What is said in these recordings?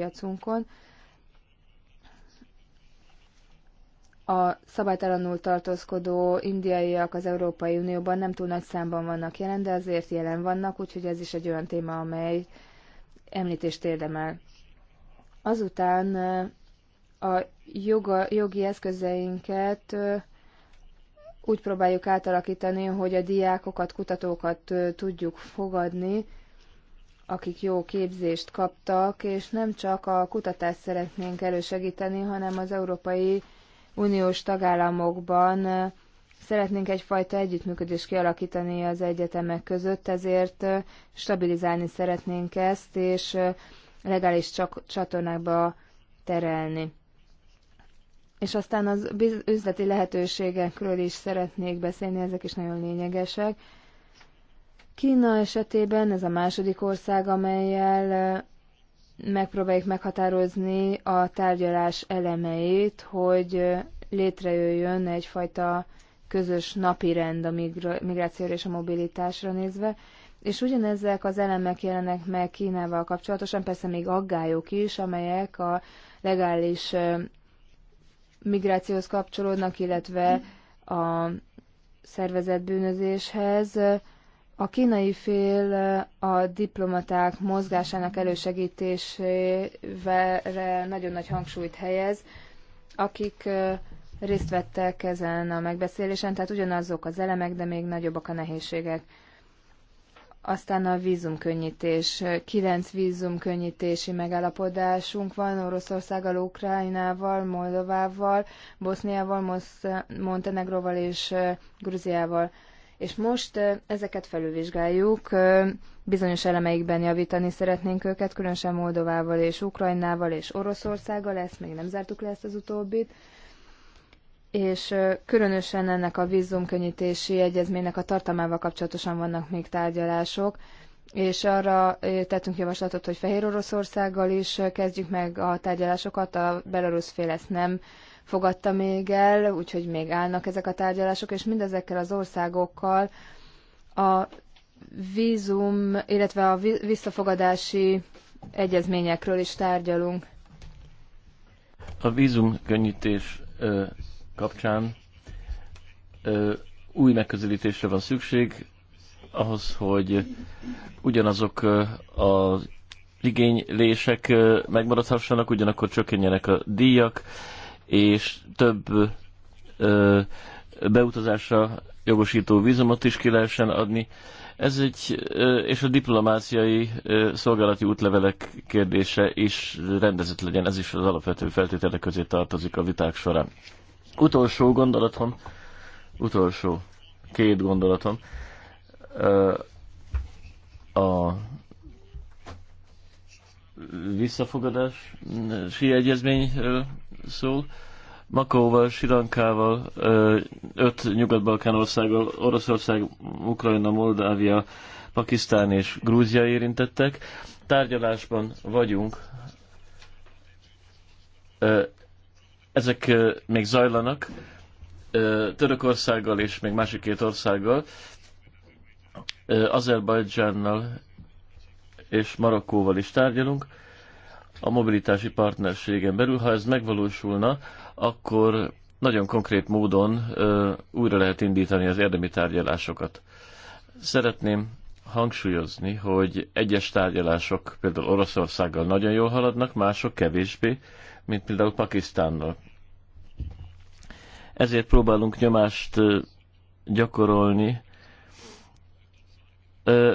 piacunkon. A szabálytalanul tartózkodó indiaiak az Európai Unióban nem túl nagy számban vannak jelen, de azért jelen vannak, úgyhogy ez is egy olyan téma, amely említést érdemel. Azután a joga, jogi eszközeinket úgy próbáljuk átalakítani, hogy a diákokat, kutatókat tudjuk fogadni, akik jó képzést kaptak, és nem csak a kutatást szeretnénk elősegíteni, hanem az Európai Uniós tagállamokban szeretnénk egyfajta együttműködést kialakítani az egyetemek között, ezért stabilizálni szeretnénk ezt, és legális csatornákba terelni. És aztán az üzleti lehetőségekről is szeretnék beszélni, ezek is nagyon lényegesek. Kína esetében ez a második ország, amelyel megpróbáljuk meghatározni a tárgyalás elemeit, hogy létrejöjjön egyfajta közös napi rend a migrációra és a mobilitásra nézve. És ugyanezek az elemek jelenek meg Kínával kapcsolatosan, persze még aggályok is, amelyek a legális migrációhoz kapcsolódnak, illetve a szervezett bűnözéshez. A kínai fél a diplomaták mozgásának elősegítésére nagyon nagy hangsúlyt helyez, akik részt vettek ezen a megbeszélésen, tehát ugyanazok az elemek, de még nagyobbak a nehézségek. Aztán a vízumkönnyítés. Kilenc vízumkönnyítési megállapodásunk van Oroszországgal, Ukrajnával, Moldovával, Boszniával, Montenegróval és Grúziával és most ezeket felülvizsgáljuk, bizonyos elemeikben javítani szeretnénk őket, különösen Moldovával és Ukrajnával és Oroszországgal, ezt még nem zártuk le ezt az utóbbit, és különösen ennek a vízumkönnyítési egyezménynek a tartalmával kapcsolatosan vannak még tárgyalások, és arra tettünk javaslatot, hogy Fehér Oroszországgal is kezdjük meg a tárgyalásokat, a belarusz fél ezt nem fogadta még el, úgyhogy még állnak ezek a tárgyalások, és mindezekkel az országokkal a vízum, illetve a visszafogadási egyezményekről is tárgyalunk. A vízum könnyítés ö, kapcsán ö, új megközelítésre van szükség, ahhoz, hogy ugyanazok az igénylések megmaradhassanak, ugyanakkor csökkenjenek a díjak, és több ö, beutazásra jogosító vízumot is ki lehessen adni. Ez egy, és a diplomáciai szolgálati útlevelek kérdése is rendezett legyen, ez is az alapvető feltételek közé tartozik a viták során. Utolsó gondolatom, utolsó két gondolatom, a visszafogadás, egyezményről Szól, Makóval, Sirankával, öt nyugat-balkán országgal, Oroszország, Ukrajna, Moldávia, Pakisztán és Grúzia érintettek. Tárgyalásban vagyunk. Ezek még zajlanak. Törökországgal és még másik két országgal. Azerbajdzsánnal és Marokkóval is tárgyalunk a mobilitási partnerségen belül. Ha ez megvalósulna, akkor nagyon konkrét módon ö, újra lehet indítani az érdemi tárgyalásokat. Szeretném hangsúlyozni, hogy egyes tárgyalások például Oroszországgal nagyon jól haladnak, mások kevésbé, mint például Pakisztánnal. Ezért próbálunk nyomást gyakorolni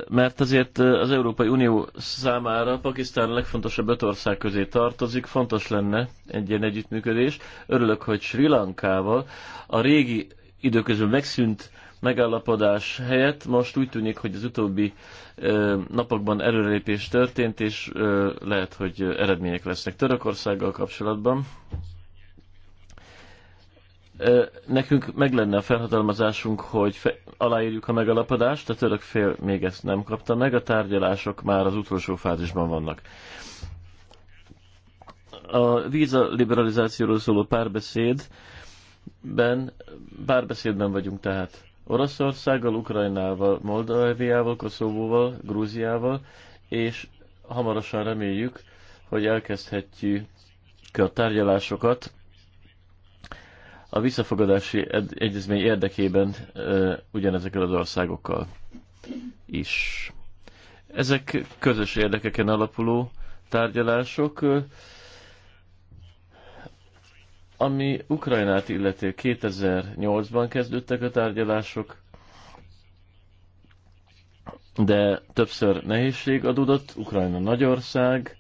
mert azért az Európai Unió számára Pakisztán a legfontosabb öt ország közé tartozik, fontos lenne egy ilyen együttműködés. Örülök, hogy Sri Lankával a régi időközül megszűnt megállapodás helyett most úgy tűnik, hogy az utóbbi napokban előrelépés történt, és lehet, hogy eredmények lesznek Törökországgal kapcsolatban nekünk meg lenne a felhatalmazásunk, hogy fe, aláírjuk a megalapodást, a török fél még ezt nem kapta meg, a tárgyalások már az utolsó fázisban vannak. A víza liberalizációról szóló párbeszédben, párbeszédben vagyunk tehát Oroszországgal, Ukrajnával, Moldaviával, Koszovóval, Grúziával, és hamarosan reméljük, hogy elkezdhetjük a tárgyalásokat a visszafogadási egyezmény érdekében ugyanezekkel az országokkal is. Ezek közös érdekeken alapuló tárgyalások, ami Ukrajnát illeti 2008-ban kezdődtek a tárgyalások, de többször nehézség adódott. Ukrajna nagy ország,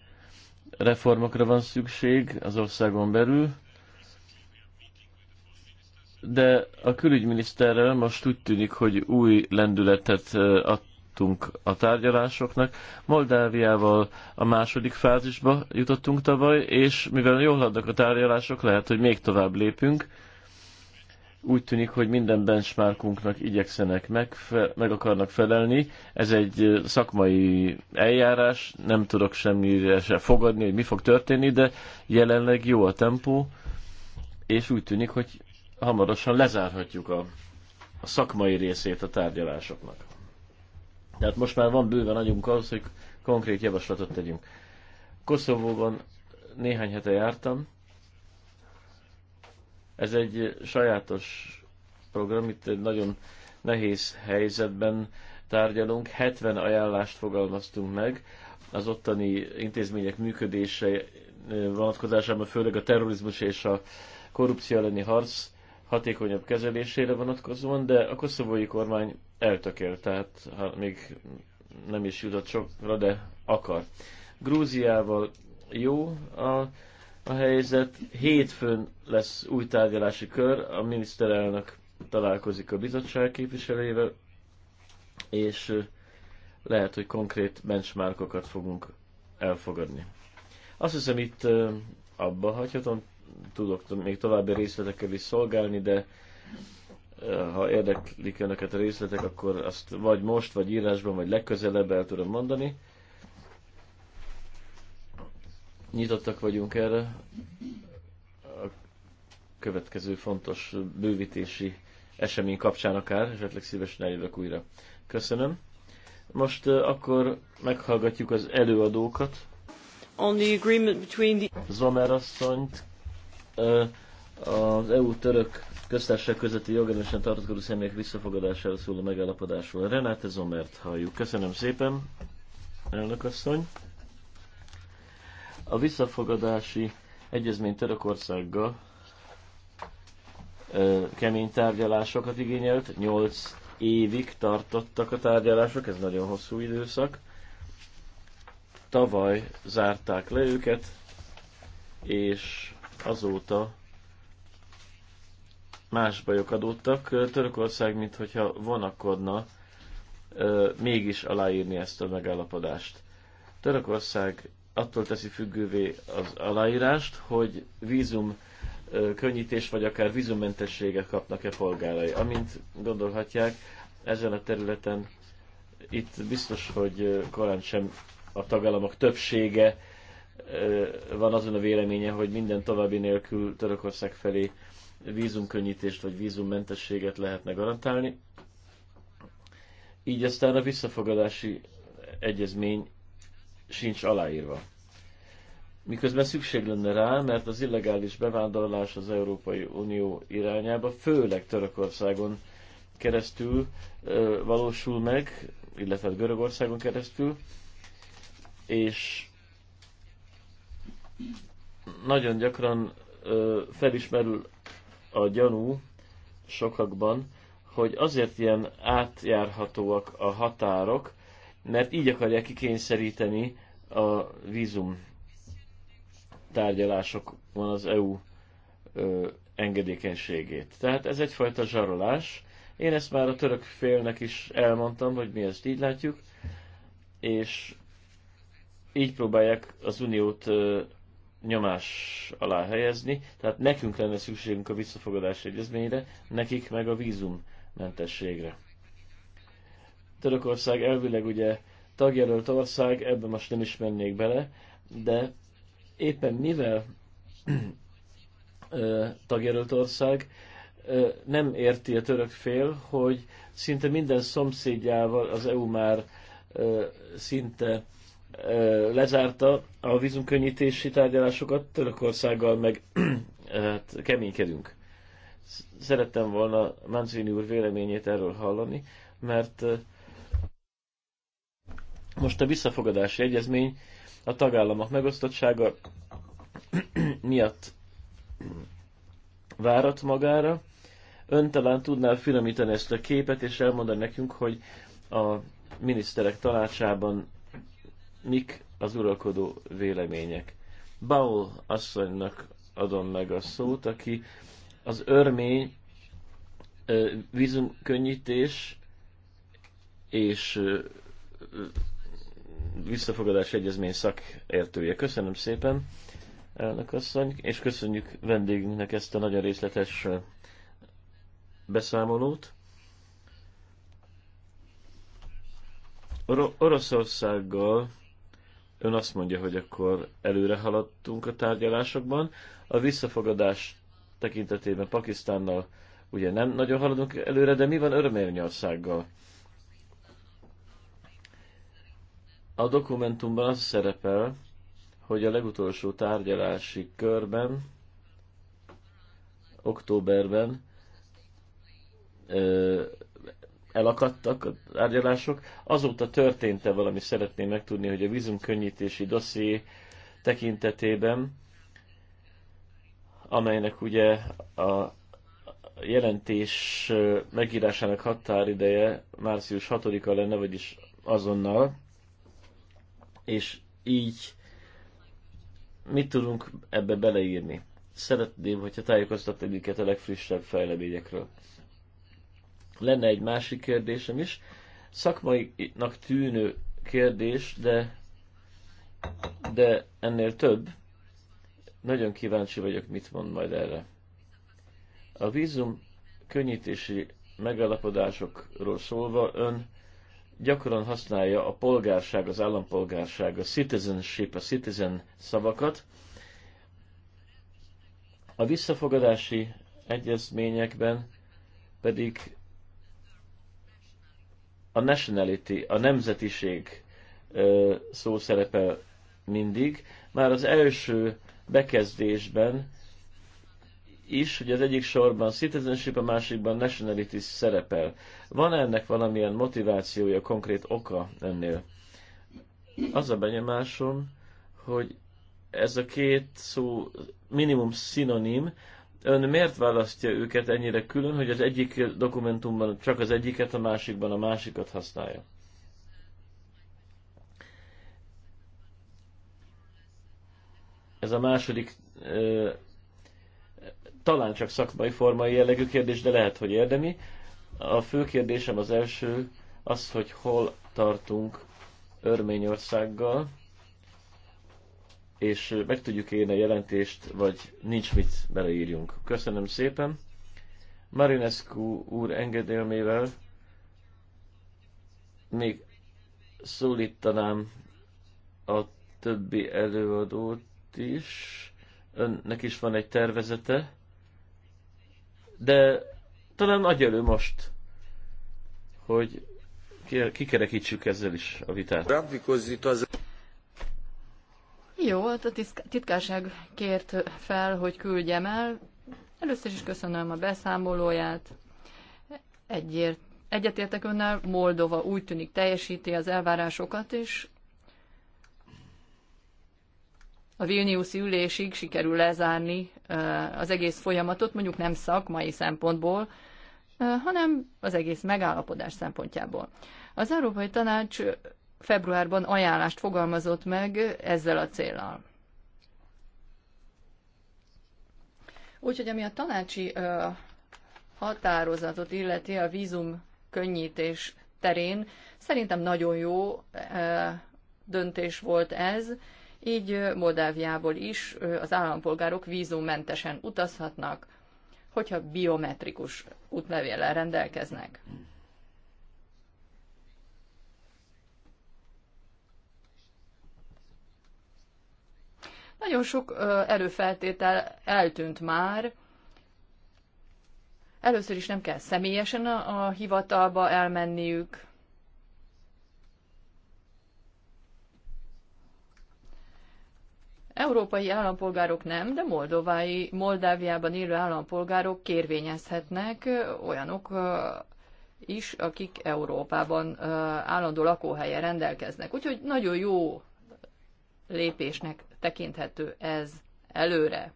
reformokra van szükség az országon belül, de a külügyminiszterrel most úgy tűnik, hogy új lendületet adtunk a tárgyalásoknak. Moldáviával a második fázisba jutottunk tavaly, és mivel jól adnak a tárgyalások, lehet, hogy még tovább lépünk. Úgy tűnik, hogy minden benchmarkunknak igyekszenek meg, meg akarnak felelni. Ez egy szakmai eljárás, nem tudok semmire se fogadni, hogy mi fog történni, de jelenleg jó a tempó, és úgy tűnik, hogy hamarosan lezárhatjuk a, a szakmai részét a tárgyalásoknak. Tehát most már van bőven agyunk ahhoz, hogy konkrét javaslatot tegyünk. Koszovóban néhány hete jártam. Ez egy sajátos program, itt egy nagyon nehéz helyzetben tárgyalunk. 70 ajánlást fogalmaztunk meg az ottani intézmények működése eh, vonatkozásában, főleg a terrorizmus és a korrupció elleni harc hatékonyabb kezelésére vonatkozóan, de a koszovói kormány eltökél, tehát ha még nem is jutott sokra, de akar. Grúziával jó a, a helyzet. Hétfőn lesz új tárgyalási kör, a miniszterelnök találkozik a bizottság képviselőjével, és lehet, hogy konkrét benchmarkokat fogunk elfogadni. Azt hiszem itt abba hagyhatom, tudok még további részletekkel is szolgálni, de ha érdeklik önöket a részletek, akkor azt vagy most, vagy írásban, vagy legközelebb el tudom mondani. Nyitottak vagyunk erre a következő fontos bővítési esemény kapcsán akár, esetleg szívesen eljövök újra. Köszönöm. Most akkor meghallgatjuk az előadókat. On the agreement between the... Zomer asszonyt, az EU-török köztársaság közötti jogerősen tartózkodó személyek visszafogadására szóló megállapodásról. Renáte Zomert halljuk. Köszönöm szépen, elnökasszony. A visszafogadási egyezmény Törökországgal kemény tárgyalásokat igényelt, 8 évig tartottak a tárgyalások, ez nagyon hosszú időszak. Tavaly zárták le őket, és azóta más bajok adódtak. Törökország, mint hogyha vonakodna, mégis aláírni ezt a megállapodást. Törökország attól teszi függővé az aláírást, hogy vízum könnyítés vagy akár vízummentességet kapnak-e polgárai. Amint gondolhatják, ezen a területen itt biztos, hogy korán sem a tagállamok többsége van azon a véleménye, hogy minden további nélkül Törökország felé vízumkönnyítést vagy vízummentességet lehetne garantálni. Így aztán a visszafogadási egyezmény sincs aláírva. Miközben szükség lenne rá, mert az illegális bevándorlás az Európai Unió irányába, főleg Törökországon keresztül ö, valósul meg, illetve Görögországon keresztül, és nagyon gyakran felismerül a gyanú sokakban, hogy azért ilyen átjárhatóak a határok, mert így akarják kikényszeríteni a vízum tárgyalásokon az EU ö, engedékenységét. Tehát ez egyfajta zsarolás. Én ezt már a török félnek is elmondtam, hogy mi ezt így látjuk, és így próbálják az uniót nyomás alá helyezni, tehát nekünk lenne szükségünk a visszafogadás egyezményre, nekik meg a vízummentességre. Törökország elvileg ugye tagjelölt ország, ebben most nem is mennék bele, de éppen mivel tagjelölt ország, nem érti a török fél, hogy szinte minden szomszédjával az EU már szinte lezárta a vízumkönnyítési tárgyalásokat, Törökországgal meg hát, keménykedünk. Szerettem volna Manzini úr véleményét erről hallani, mert most a visszafogadási egyezmény a tagállamok megosztottsága miatt várat magára. Ön talán tudná finomítani ezt a képet, és elmondani nekünk, hogy a miniszterek tanácsában mik az uralkodó vélemények. Baul asszonynak adom meg a szót, aki az örmény vízumkönnyítés és visszafogadás egyezmény szakértője. Köszönöm szépen, elnök asszony, és köszönjük vendégünknek ezt a nagyon részletes beszámolót. Or- Oroszországgal Ön azt mondja, hogy akkor előre haladtunk a tárgyalásokban. A visszafogadás tekintetében Pakisztánnal ugye nem nagyon haladunk előre, de mi van Örményországgal? A dokumentumban az szerepel, hogy a legutolsó tárgyalási körben, októberben ö, elakadtak a tárgyalások. Azóta történt-e valami, szeretném megtudni, hogy a vízumkönnyítési dosszié tekintetében, amelynek ugye a jelentés megírásának határideje március 6-a lenne, vagyis azonnal, és így mit tudunk ebbe beleírni? Szeretném, hogyha tájékoztatni minket a legfrissebb fejleményekről. Lenne egy másik kérdésem is. Szakmainak tűnő kérdés, de, de ennél több. Nagyon kíváncsi vagyok, mit mond majd erre. A vízum könnyítési megállapodásokról szólva ön gyakran használja a polgárság, az állampolgárság, a citizenship, a citizen szavakat. A visszafogadási egyezményekben pedig a nationality, a nemzetiség szó szerepe mindig. Már az első bekezdésben is, hogy az egyik sorban citizenship, a másikban nationality szerepel. Van -e ennek valamilyen motivációja, konkrét oka ennél? Az a benyomásom, hogy ez a két szó minimum szinonim, Ön miért választja őket ennyire külön, hogy az egyik dokumentumban csak az egyiket, a másikban a másikat használja? Ez a második ö, talán csak szakmai formai jellegű kérdés, de lehet, hogy érdemi. A fő kérdésem az első, az, hogy hol tartunk Örményországgal, és meg tudjuk írni a jelentést, vagy nincs mit beleírjunk. Köszönöm szépen. Marinescu úr engedélmével még szólítanám a többi előadót is. Önnek is van egy tervezete, de talán nagy elő most, hogy kikerekítsük ezzel is a vitát. Jó, hát a titkárság kért fel, hogy küldjem el. Először is köszönöm a beszámolóját. Egyért, egyetértek önnel, Moldova úgy tűnik teljesíti az elvárásokat, is. a Vilniuszi ülésig sikerül lezárni az egész folyamatot, mondjuk nem szakmai szempontból, hanem az egész megállapodás szempontjából. Az Európai Tanács februárban ajánlást fogalmazott meg ezzel a célral. Úgyhogy ami a tanácsi ö, határozatot illeti a vízum könnyítés terén, szerintem nagyon jó ö, döntés volt ez, így Moldáviából is az állampolgárok vízummentesen utazhatnak, hogyha biometrikus útlevéllel rendelkeznek. Nagyon sok előfeltétel eltűnt már. Először is nem kell személyesen a, a hivatalba elmenniük. Európai állampolgárok nem, de Moldovái, Moldáviában élő állampolgárok kérvényezhetnek olyanok is, akik Európában állandó lakóhelye rendelkeznek. Úgyhogy nagyon jó lépésnek tekinthető ez előre.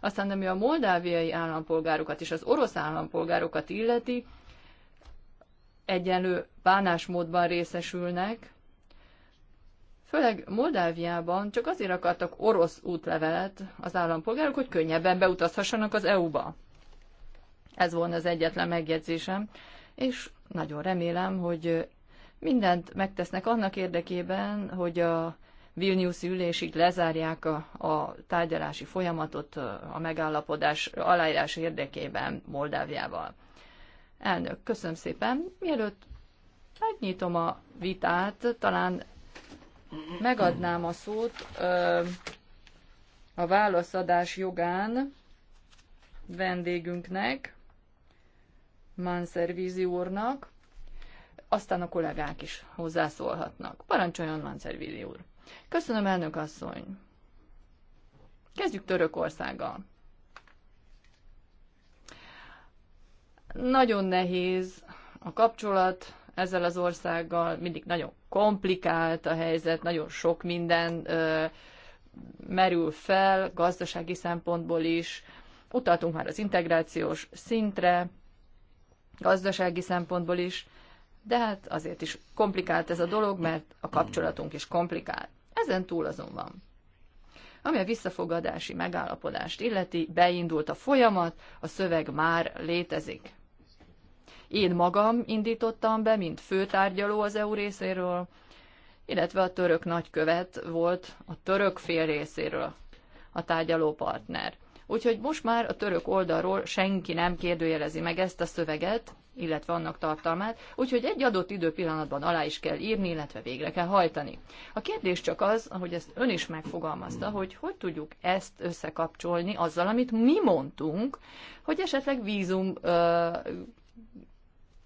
Aztán ami a moldáviai állampolgárokat és az orosz állampolgárokat illeti, egyenlő bánásmódban részesülnek, Főleg Moldáviában csak azért akartak orosz útlevelet az állampolgárok, hogy könnyebben beutazhassanak az EU-ba. Ez volna az egyetlen megjegyzésem, és nagyon remélem, hogy mindent megtesznek annak érdekében, hogy a Vilnius ülésig lezárják a, a tárgyalási folyamatot a megállapodás aláírás érdekében Moldáviával. Elnök, köszönöm szépen. Mielőtt megnyitom a vitát, talán megadnám a szót ö, a válaszadás jogán vendégünknek, Manservizi úrnak, aztán a kollégák is hozzászólhatnak. Parancsoljon Mancervilli úr. Köszönöm, elnök asszony. Kezdjük Törökországgal. Nagyon nehéz a kapcsolat ezzel az országgal, mindig nagyon komplikált a helyzet, nagyon sok minden ö, merül fel, gazdasági szempontból is. Utaltunk már az integrációs szintre, gazdasági szempontból is de hát azért is komplikált ez a dolog, mert a kapcsolatunk is komplikált. Ezen túl azonban. Ami a visszafogadási megállapodást illeti, beindult a folyamat, a szöveg már létezik. Én magam indítottam be, mint főtárgyaló az EU részéről, illetve a török nagykövet volt a török fél részéről a tárgyaló partner. Úgyhogy most már a török oldalról senki nem kérdőjelezi meg ezt a szöveget, illetve annak tartalmát, úgyhogy egy adott időpillanatban alá is kell írni, illetve végre kell hajtani. A kérdés csak az, ahogy ezt ön is megfogalmazta, hogy hogy tudjuk ezt összekapcsolni azzal, amit mi mondtunk, hogy esetleg vízum ö,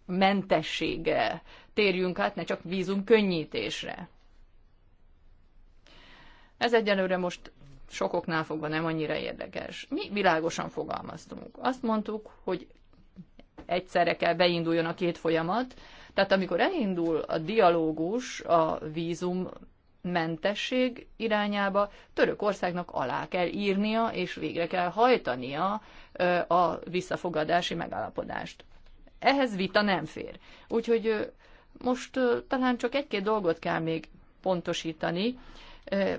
mentessége térjünk át, ne csak vízum könnyítésre. Ez egyelőre most sokoknál fogva nem annyira érdekes. Mi világosan fogalmaztunk. Azt mondtuk, hogy egyszerre kell beinduljon a két folyamat. Tehát amikor elindul a dialógus a vízum mentesség irányába, Törökországnak alá kell írnia és végre kell hajtania a visszafogadási megállapodást. Ehhez vita nem fér. Úgyhogy most talán csak egy-két dolgot kell még pontosítani.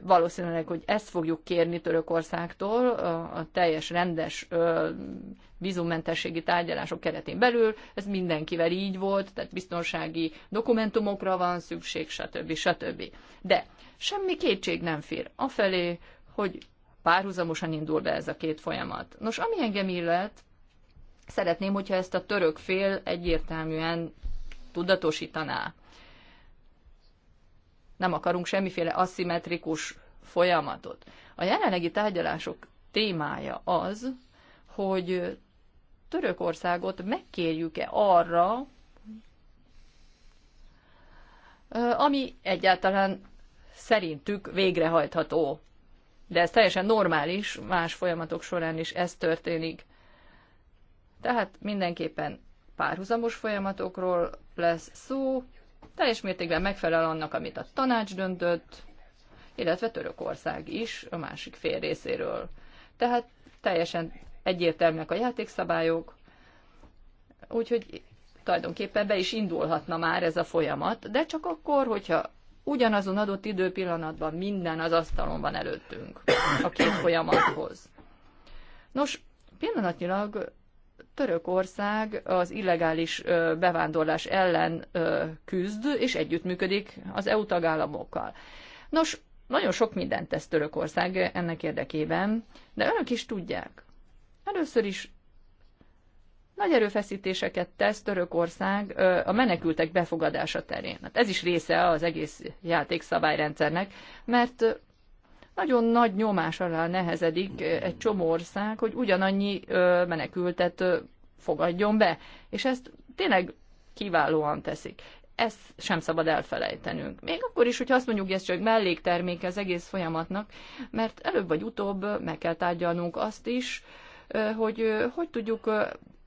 Valószínűleg, hogy ezt fogjuk kérni Törökországtól a teljes rendes vízummentességi tárgyalások keretén belül. Ez mindenkivel így volt, tehát biztonsági dokumentumokra van szükség, stb. stb. De semmi kétség nem fér afelé, hogy párhuzamosan indul be ez a két folyamat. Nos, ami engem illet, szeretném, hogyha ezt a török fél egyértelműen tudatosítaná nem akarunk semmiféle aszimmetrikus folyamatot. A jelenlegi tárgyalások témája az, hogy Törökországot megkérjük-e arra, ami egyáltalán szerintük végrehajtható. De ez teljesen normális, más folyamatok során is ez történik. Tehát mindenképpen párhuzamos folyamatokról lesz szó, teljes mértékben megfelel annak, amit a tanács döntött, illetve Törökország is a másik fél részéről. Tehát teljesen egyértelműek a játékszabályok, úgyhogy tulajdonképpen be is indulhatna már ez a folyamat, de csak akkor, hogyha ugyanazon adott időpillanatban minden az asztalon van előttünk a két folyamathoz. Nos, pillanatnyilag Törökország az illegális bevándorlás ellen küzd, és együttműködik az EU tagállamokkal. Nos, nagyon sok mindent tesz Törökország ennek érdekében, de önök is tudják. Először is nagy erőfeszítéseket tesz Törökország a menekültek befogadása terén. Hát ez is része az egész játékszabályrendszernek, mert nagyon nagy nyomás alá nehezedik egy csomó ország, hogy ugyanannyi menekültet fogadjon be. És ezt tényleg kiválóan teszik. Ezt sem szabad elfelejtenünk. Még akkor is, hogyha azt mondjuk, hogy ez csak mellékterméke az egész folyamatnak, mert előbb vagy utóbb meg kell tárgyalnunk azt is, hogy hogy tudjuk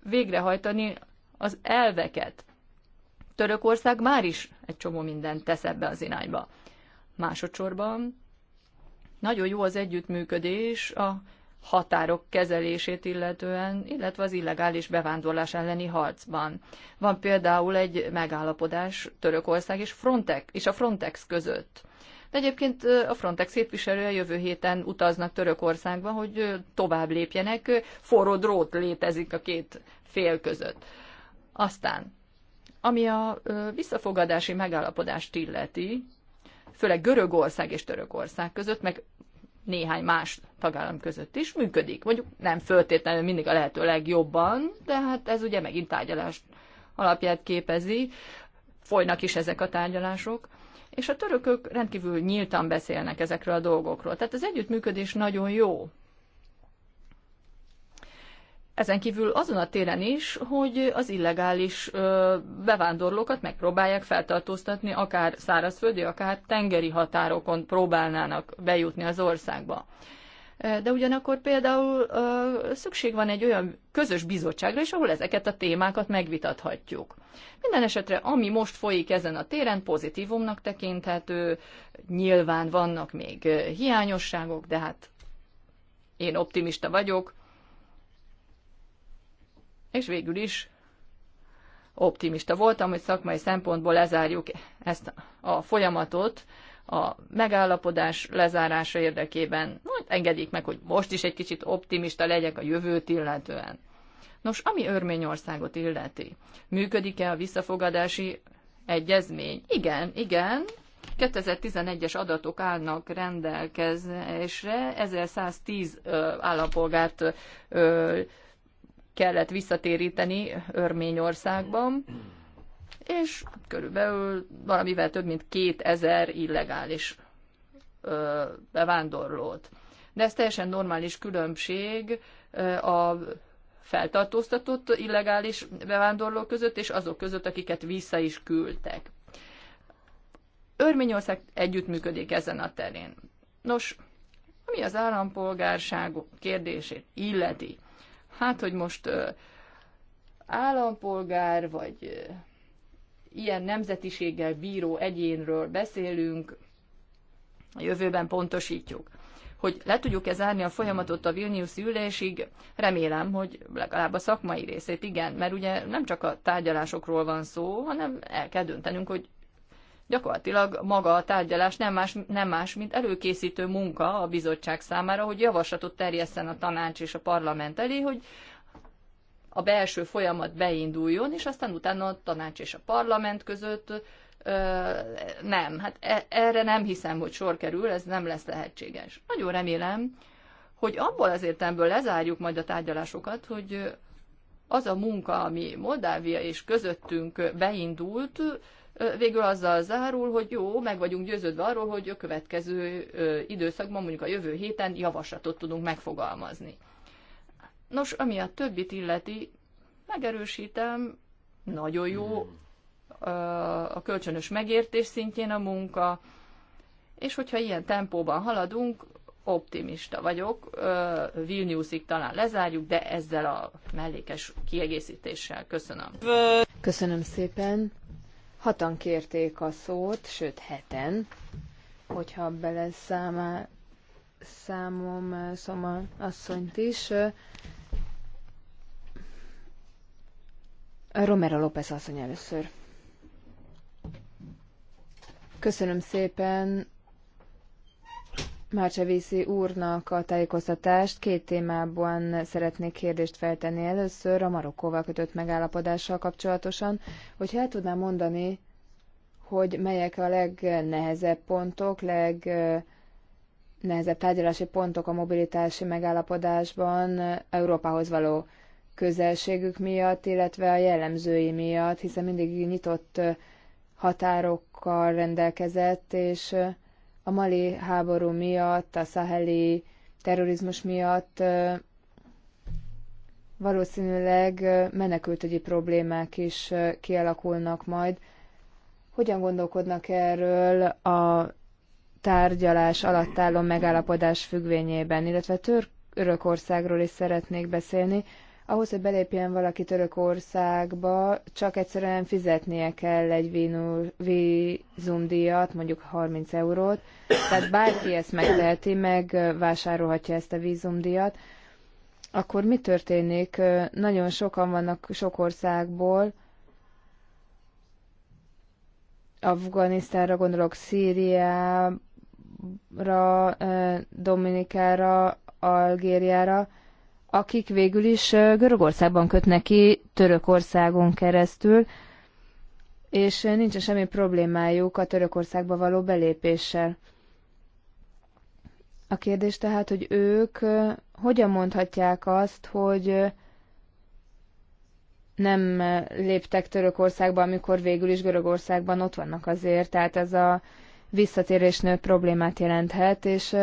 végrehajtani az elveket. Törökország már is egy csomó mindent tesz ebbe az irányba. Másodszorban nagyon jó az együttműködés a határok kezelését illetően, illetve az illegális bevándorlás elleni harcban. Van például egy megállapodás Törökország és, Frontex, és a Frontex között. De egyébként a Frontex képviselője jövő héten utaznak Törökországba, hogy tovább lépjenek, forró drót létezik a két fél között. Aztán, ami a visszafogadási megállapodást illeti, főleg Görögország és Törökország között, meg néhány más tagállam között is működik. Mondjuk nem föltétlenül mindig a lehető legjobban, de hát ez ugye megint tárgyalás alapját képezi, folynak is ezek a tárgyalások, és a törökök rendkívül nyíltan beszélnek ezekről a dolgokról. Tehát az együttműködés nagyon jó. Ezen kívül azon a téren is, hogy az illegális bevándorlókat megpróbálják feltartóztatni, akár szárazföldi, akár tengeri határokon próbálnának bejutni az országba. De ugyanakkor például szükség van egy olyan közös bizottságra is, ahol ezeket a témákat megvitathatjuk. Minden esetre, ami most folyik ezen a téren, pozitívumnak tekinthető, nyilván vannak még hiányosságok, de hát én optimista vagyok, és végül is optimista voltam, hogy szakmai szempontból lezárjuk ezt a folyamatot a megállapodás lezárása érdekében. Hát engedjék meg, hogy most is egy kicsit optimista legyek a jövőt illetően. Nos, ami Örményországot illeti, működik-e a visszafogadási egyezmény? Igen, igen. 2011-es adatok állnak rendelkezésre, 1110 állampolgárt kellett visszatéríteni Örményországban, és körülbelül valamivel több mint 2000 illegális ö, bevándorlót. De ez teljesen normális különbség a feltartóztatott illegális bevándorlók között, és azok között, akiket vissza is küldtek. Örményország együttműködik ezen a terén. Nos, ami az állampolgárság kérdését illeti, hát, hogy most állampolgár, vagy ilyen nemzetiséggel bíró egyénről beszélünk, a jövőben pontosítjuk. Hogy le tudjuk-e zárni a folyamatot a Vilnius ülésig, remélem, hogy legalább a szakmai részét igen, mert ugye nem csak a tárgyalásokról van szó, hanem el kell döntenünk, hogy Gyakorlatilag maga a tárgyalás nem más, nem más, mint előkészítő munka a bizottság számára, hogy javaslatot terjesszen a tanács és a parlament elé, hogy a belső folyamat beinduljon, és aztán utána a tanács és a parlament között ö, nem. Hát e, erre nem hiszem, hogy sor kerül, ez nem lesz lehetséges. Nagyon remélem, hogy abból az értelmből lezárjuk majd a tárgyalásokat, hogy az a munka, ami Moldávia és közöttünk beindult, végül azzal zárul, hogy jó, meg vagyunk győződve arról, hogy a következő időszakban, mondjuk a jövő héten javaslatot tudunk megfogalmazni. Nos, ami a többit illeti, megerősítem, nagyon jó hmm. a kölcsönös megértés szintjén a munka, és hogyha ilyen tempóban haladunk, optimista vagyok, Vilniuszig talán lezárjuk, de ezzel a mellékes kiegészítéssel köszönöm. Köszönöm szépen. Hatan kérték a szót, sőt heten, hogyha beleszámol számom eh, Szoma asszonyt is. Eh, Romero López asszony először. Köszönöm szépen, Márcseviszi úrnak a tájékoztatást. Két témában szeretnék kérdést feltenni. Először a Marokkóval kötött megállapodással kapcsolatosan, hogy el tudná mondani, hogy melyek a legnehezebb pontok, legnehezebb tárgyalási pontok a mobilitási megállapodásban Európához való közelségük miatt, illetve a jellemzői miatt, hiszen mindig nyitott határokkal rendelkezett, és a mali háború miatt, a szaheli terrorizmus miatt valószínűleg menekültügyi problémák is kialakulnak majd. Hogyan gondolkodnak erről a tárgyalás alatt álló megállapodás függvényében, illetve Törökországról is szeretnék beszélni, ahhoz, hogy belépjen valaki Törökországba, csak egyszerűen fizetnie kell egy vízumdíjat, mondjuk 30 eurót. Tehát bárki ezt megteheti, meg vásárolhatja ezt a vízumdíjat. Akkor mi történik? Nagyon sokan vannak sok országból, Afganisztánra gondolok, Szíriára, Dominikára, Algériára, akik végül is Görögországban kötnek ki, Törökországon keresztül, és nincs semmi problémájuk a Törökországba való belépéssel. A kérdés tehát, hogy ők hogyan mondhatják azt, hogy nem léptek Törökországba, amikor végül is Görögországban ott vannak azért, tehát ez a visszatérésnő problémát jelenthet, és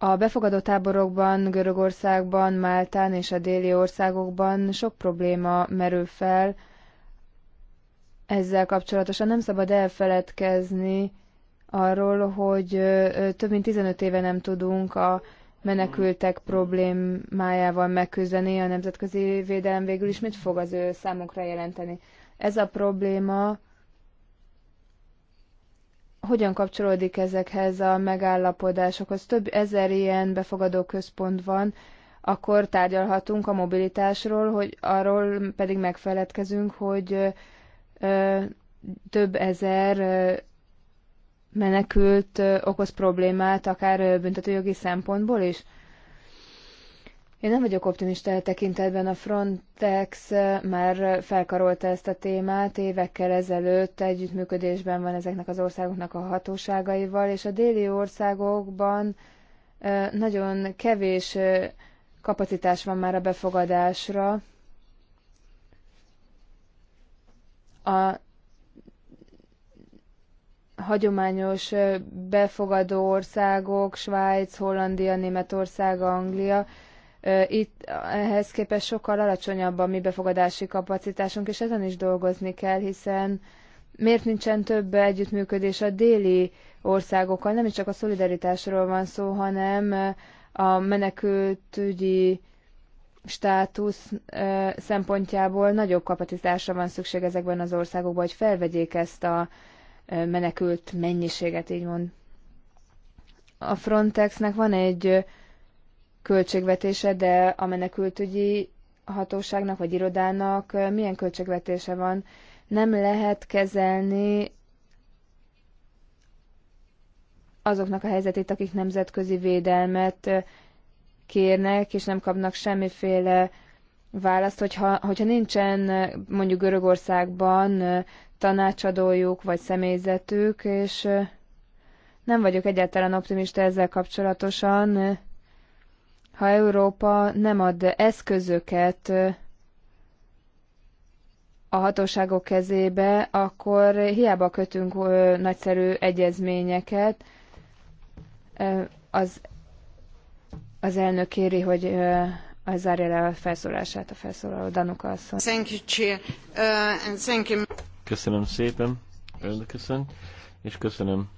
a befogadó táborokban, Görögországban, Máltán és a déli országokban sok probléma merül fel. Ezzel kapcsolatosan nem szabad elfeledkezni arról, hogy több mint 15 éve nem tudunk a menekültek problémájával megküzdeni, a nemzetközi védelem végül is mit fog az ő számukra jelenteni. Ez a probléma hogyan kapcsolódik ezekhez a megállapodásokhoz? Több ezer ilyen befogadó központ van, akkor tárgyalhatunk a mobilitásról, hogy arról pedig megfeledkezünk, hogy ö, több ezer ö, menekült ö, okoz problémát, akár büntetőjogi szempontból is. Én nem vagyok optimista e tekintetben, a Frontex e, már felkarolta ezt a témát, évekkel ezelőtt együttműködésben van ezeknek az országoknak a hatóságaival, és a déli országokban e, nagyon kevés e, kapacitás van már a befogadásra. A hagyományos befogadó országok, Svájc, Hollandia, Németország, Anglia, itt ehhez képest sokkal alacsonyabb a mi befogadási kapacitásunk, és ezen is dolgozni kell, hiszen miért nincsen több együttműködés a déli országokkal? Nem is csak a szolidaritásról van szó, hanem a menekültügyi státusz szempontjából nagyobb kapacitásra van szükség ezekben az országokban, hogy felvegyék ezt a menekült mennyiséget, így mond. A Frontexnek van egy költségvetése, de a menekültügyi hatóságnak vagy irodának eh, milyen költségvetése van. Nem lehet kezelni azoknak a helyzetét, akik nemzetközi védelmet eh, kérnek, és nem kapnak semmiféle választ, hogyha, hogyha nincsen eh, mondjuk Görögországban tanácsadójuk vagy személyzetük, és nem vagyok egyáltalán optimista ezzel kapcsolatosan ha Európa nem ad eszközöket a hatóságok kezébe, akkor hiába kötünk nagyszerű egyezményeket. Az, az elnök kéri, hogy az zárja le a felszólását a felszólaló Danuka asszony. Thank you, Chair. Uh, and thank you. Köszönöm szépen, köszönöm, és köszönöm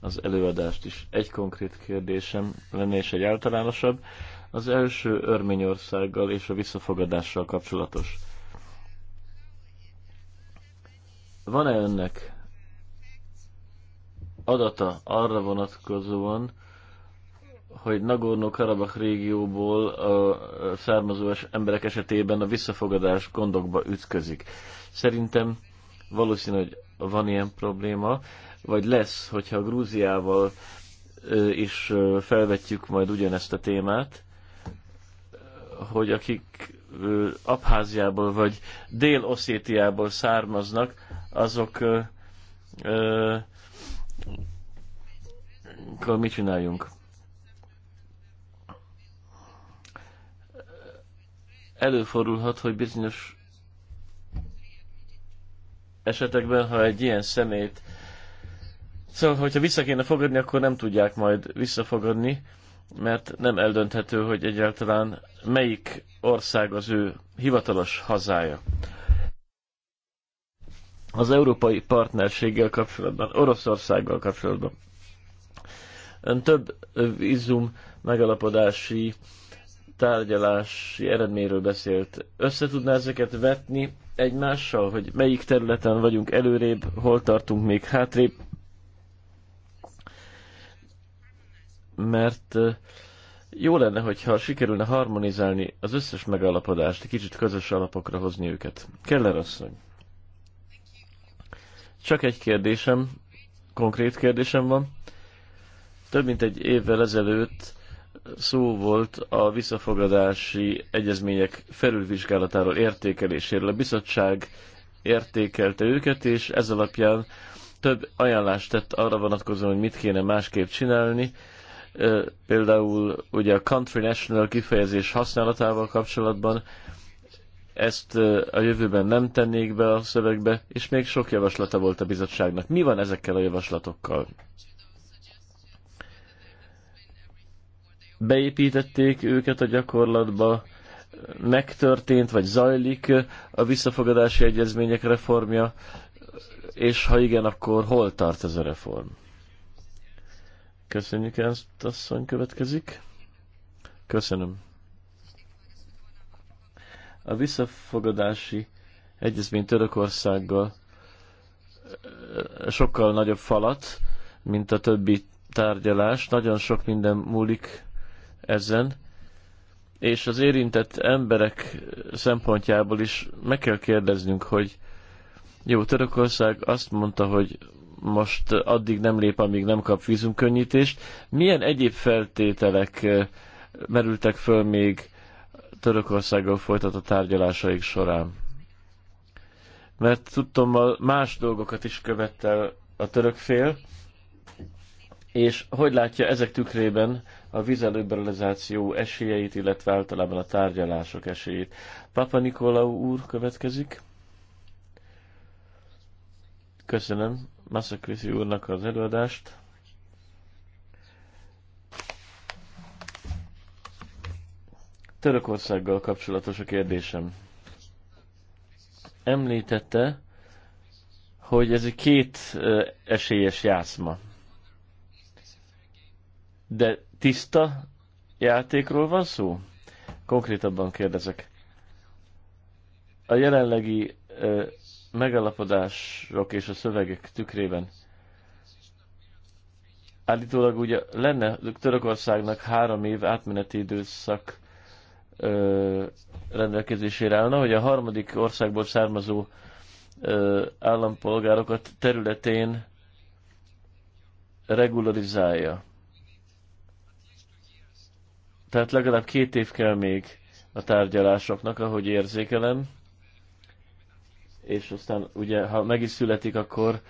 az előadást is. Egy konkrét kérdésem lenne, és egy általánosabb az első Örményországgal és a visszafogadással kapcsolatos. Van-e önnek adata arra vonatkozóan, hogy Nagorno-Karabakh régióból a származó emberek esetében a visszafogadás gondokba ütközik. Szerintem valószínű, hogy van ilyen probléma, vagy lesz, hogyha a Grúziával is felvetjük majd ugyanezt a témát, hogy akik Abháziából vagy Dél-Oszétiából származnak, azok ö, ö, akkor mit csináljunk? Előfordulhat, hogy bizonyos esetekben, ha egy ilyen szemét Szóval, hogyha vissza kéne fogadni, akkor nem tudják majd visszafogadni mert nem eldönthető, hogy egyáltalán melyik ország az ő hivatalos hazája. Az európai partnerséggel kapcsolatban, Oroszországgal kapcsolatban ön több vízum megalapodási tárgyalási eredményről beszélt. Össze tudná ezeket vetni egymással, hogy melyik területen vagyunk előrébb, hol tartunk még hátrébb, mert jó lenne, hogyha sikerülne harmonizálni az összes megállapodást, egy kicsit közös alapokra hozni őket. Keller asszony. Csak egy kérdésem, konkrét kérdésem van. Több mint egy évvel ezelőtt szó volt a visszafogadási egyezmények felülvizsgálatáról, értékeléséről. A bizottság értékelte őket, és ez alapján több ajánlást tett arra vonatkozóan, hogy mit kéne másképp csinálni, például ugye a country national kifejezés használatával kapcsolatban, ezt a jövőben nem tennék be a szövegbe, és még sok javaslata volt a bizottságnak. Mi van ezekkel a javaslatokkal? Beépítették őket a gyakorlatba, megtörtént vagy zajlik a visszafogadási egyezmények reformja, és ha igen, akkor hol tart ez a reform? Köszönjük, Ernst asszony következik. Köszönöm. A visszafogadási egyezmény Törökországgal eh, sokkal nagyobb falat, mint a többi tárgyalás. Nagyon sok minden múlik ezen, és az érintett emberek szempontjából is meg kell kérdeznünk, hogy jó, Törökország azt mondta, hogy most addig nem lép, amíg nem kap vízumkönnyítést. Milyen egyéb feltételek merültek föl még Törökországgal folytatott tárgyalásaik során? Mert tudtommal más dolgokat is követte a török fél, és hogy látja ezek tükrében a vizelőberalizáció esélyeit, illetve általában a tárgyalások esélyét. Papa Nikolau úr következik. Köszönöm, Masszaközi úrnak az előadást. Törökországgal kapcsolatos a kérdésem. Említette, hogy ez egy két esélyes játszma. De tiszta játékról van szó? Konkrétabban kérdezek. A jelenlegi megalapodások és a szövegek tükrében. Állítólag ugye lenne Törökországnak három év átmeneti időszak ö, rendelkezésére állna, hogy a harmadik országból származó ö, állampolgárokat területén regularizálja. Tehát legalább két év kell még a tárgyalásoknak, ahogy érzékelem és aztán ugye, ha meg is születik, akkor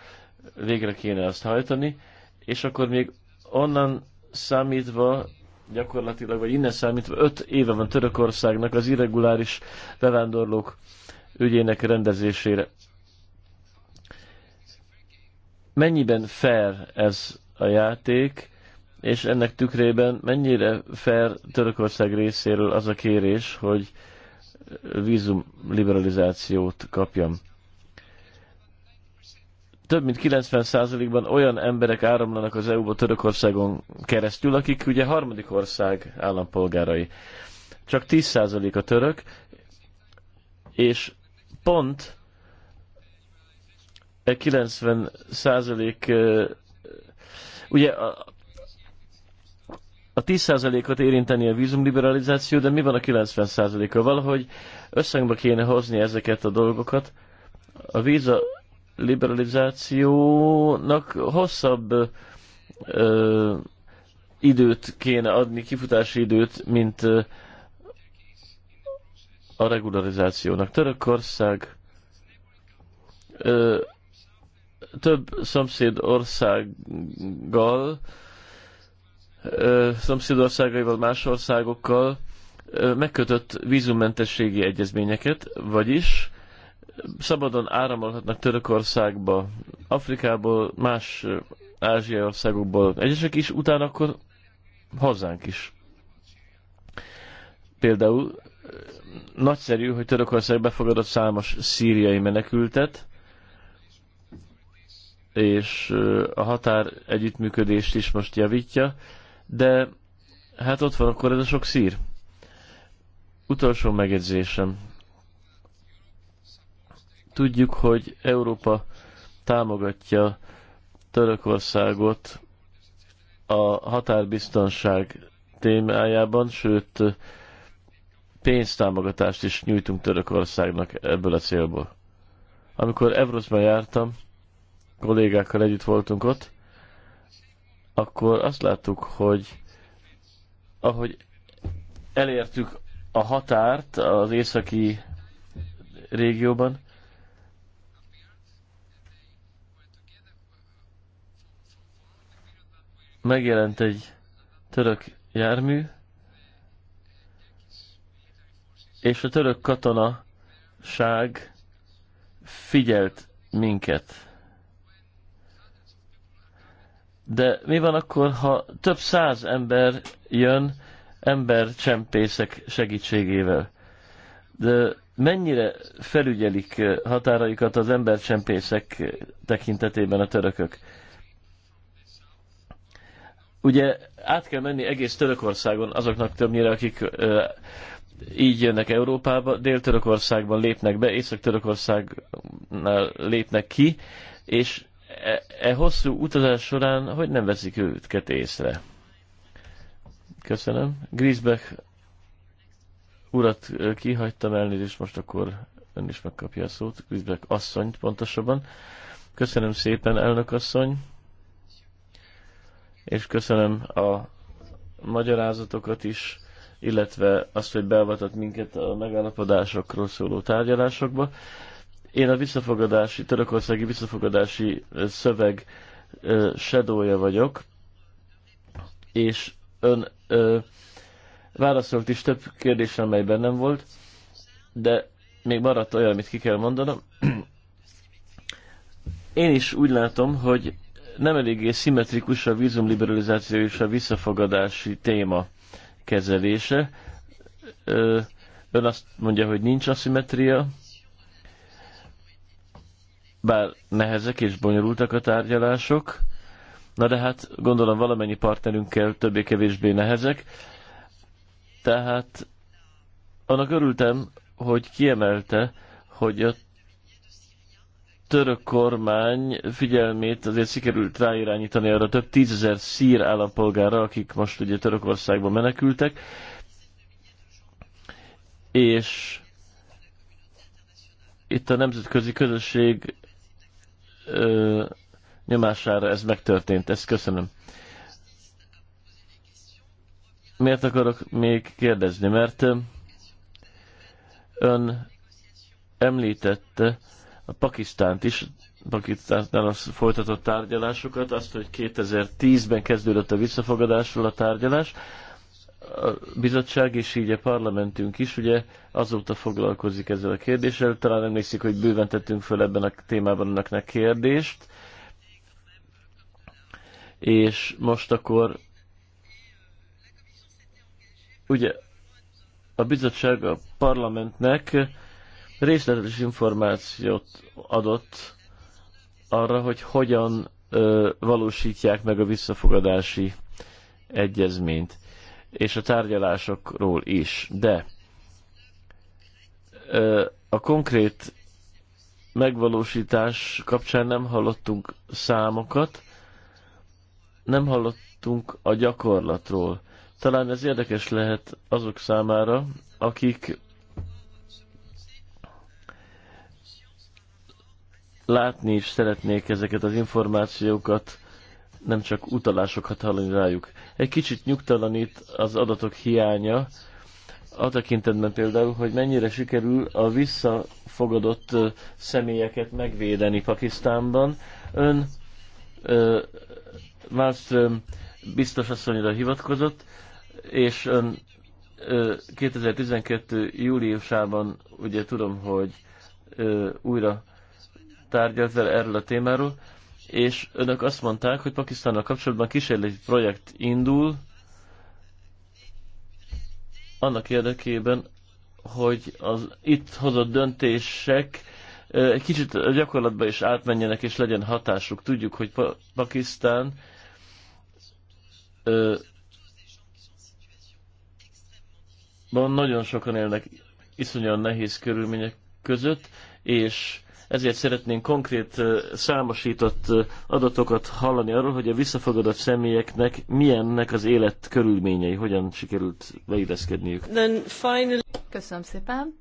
végre kéne azt hajtani, és akkor még onnan számítva, gyakorlatilag, vagy innen számítva, öt éve van Törökországnak az irreguláris bevándorlók ügyének rendezésére. Mennyiben fair ez a játék, és ennek tükrében mennyire fair Törökország részéről az a kérés, hogy vízum liberalizációt kapjam. Több mint 90%-ban olyan emberek áramlanak az EU-ba Törökországon keresztül, akik ugye harmadik ország állampolgárai. Csak 10% a török, és pont e 90 százalék, ugye a, a 10%-ot érinteni a vízumliberalizáció, de mi van a 90%-kal? Valahogy összegbe kéne hozni ezeket a dolgokat. A víza liberalizációnak hosszabb ö, időt kéne adni, kifutási időt, mint ö, a regularizációnak. Törökország ö, több szomszéd országgal ö, szomszédországaival, más országokkal megkötött vízummentességi egyezményeket, vagyis szabadon áramolhatnak Törökországba, Afrikából, más ázsiai országokból egyesek is, utána akkor hazánk is. Például nagyszerű, hogy Törökország befogadott számos szíriai menekültet, és a határ együttműködést is most javítja de hát ott van akkor ez a sok szír. Utolsó megjegyzésem. Tudjuk, hogy Európa támogatja Törökországot a határbiztonság témájában, sőt pénztámogatást is nyújtunk Törökországnak ebből a célból. Amikor Evrosban jártam, kollégákkal együtt voltunk ott, akkor azt láttuk, hogy ahogy elértük a határt az északi régióban, megjelent egy török jármű, és a török katonaság figyelt minket. De mi van akkor, ha több száz ember jön embercsempészek segítségével? De mennyire felügyelik eh, határaikat az embercsempészek eh, tekintetében a törökök? Ugye át kell menni egész Törökországon azoknak többnyire, akik ö, eh, így jönnek Európába, Dél-Törökországban lépnek be, Észak-Törökországnál lépnek ki, és e, e hosszú utazás során hogy nem veszik őket észre? Köszönöm. Grisbeck urat e, kihagytam elnézést, most akkor ön is megkapja a szót. Grisbeck asszonyt pontosabban. Köszönöm szépen, elnök asszony, és köszönöm a magyarázatokat is, illetve azt, hogy beavatott minket a megállapodásokról szóló tárgyalásokba. Én a visszafogadási, törökországi visszafogadási szöveg sedója vagyok, és ön ö, válaszolt is több kérdésre, amely bennem volt, de még maradt olyan, amit ki kell mondanom. Én is úgy látom, hogy nem eléggé szimmetrikus a vízumliberalizáció és a visszafogadási téma kezelése. Ön azt mondja, hogy nincs aszimetria, bár nehezek és bonyolultak a tárgyalások, na de hát gondolom valamennyi partnerünkkel többé-kevésbé nehezek, tehát annak örültem, hogy kiemelte, hogy a török kormány figyelmét azért sikerült ráirányítani arra több tízezer szír állampolgára, akik most ugye törökországban menekültek, és itt a nemzetközi közösség ö, nyomására ez megtörtént. Ezt köszönöm. Miért akarok még kérdezni? Mert ön említette a Pakisztánt is, Pakisztánnal az folytatott tárgyalásokat, azt, hogy 2010-ben kezdődött a visszafogadásról a tárgyalás a bizottság és így a parlamentünk is ugye azóta foglalkozik ezzel a kérdéssel. Talán emlékszik, hogy bőven tettünk föl ebben a témában önöknek kérdést. És most akkor ugye a bizottság a parlamentnek részletes információt adott arra, hogy hogyan ö, valósítják meg a visszafogadási egyezményt és a tárgyalásokról is, de a konkrét megvalósítás kapcsán nem hallottunk számokat, nem hallottunk a gyakorlatról. Talán ez érdekes lehet azok számára, akik látni is szeretnék ezeket az információkat nem csak utalásokat hallani rájuk. Egy kicsit nyugtalanít az adatok hiánya, a tekintetben például, hogy mennyire sikerül a visszafogadott személyeket megvédeni Pakisztánban. Ön uh, Malmström biztos asszonyra hivatkozott, és ön uh, 2012. júliusában ugye tudom, hogy uh, újra tárgyalt vele erről a témáról és önök azt mondták, hogy Pakisztánnal kapcsolatban kísérleti projekt indul, annak érdekében, hogy az itt hozott döntések egy kicsit a gyakorlatba is átmenjenek, és legyen hatásuk. Tudjuk, hogy pa- Pakisztán ö, nagyon sokan élnek iszonyúan nehéz körülmények között, és ezért szeretnénk konkrét számosított adatokat hallani arról, hogy a visszafogadott személyeknek milyennek az élet körülményei, hogyan sikerült beilleszkedniük. Finally... Köszönöm szépen.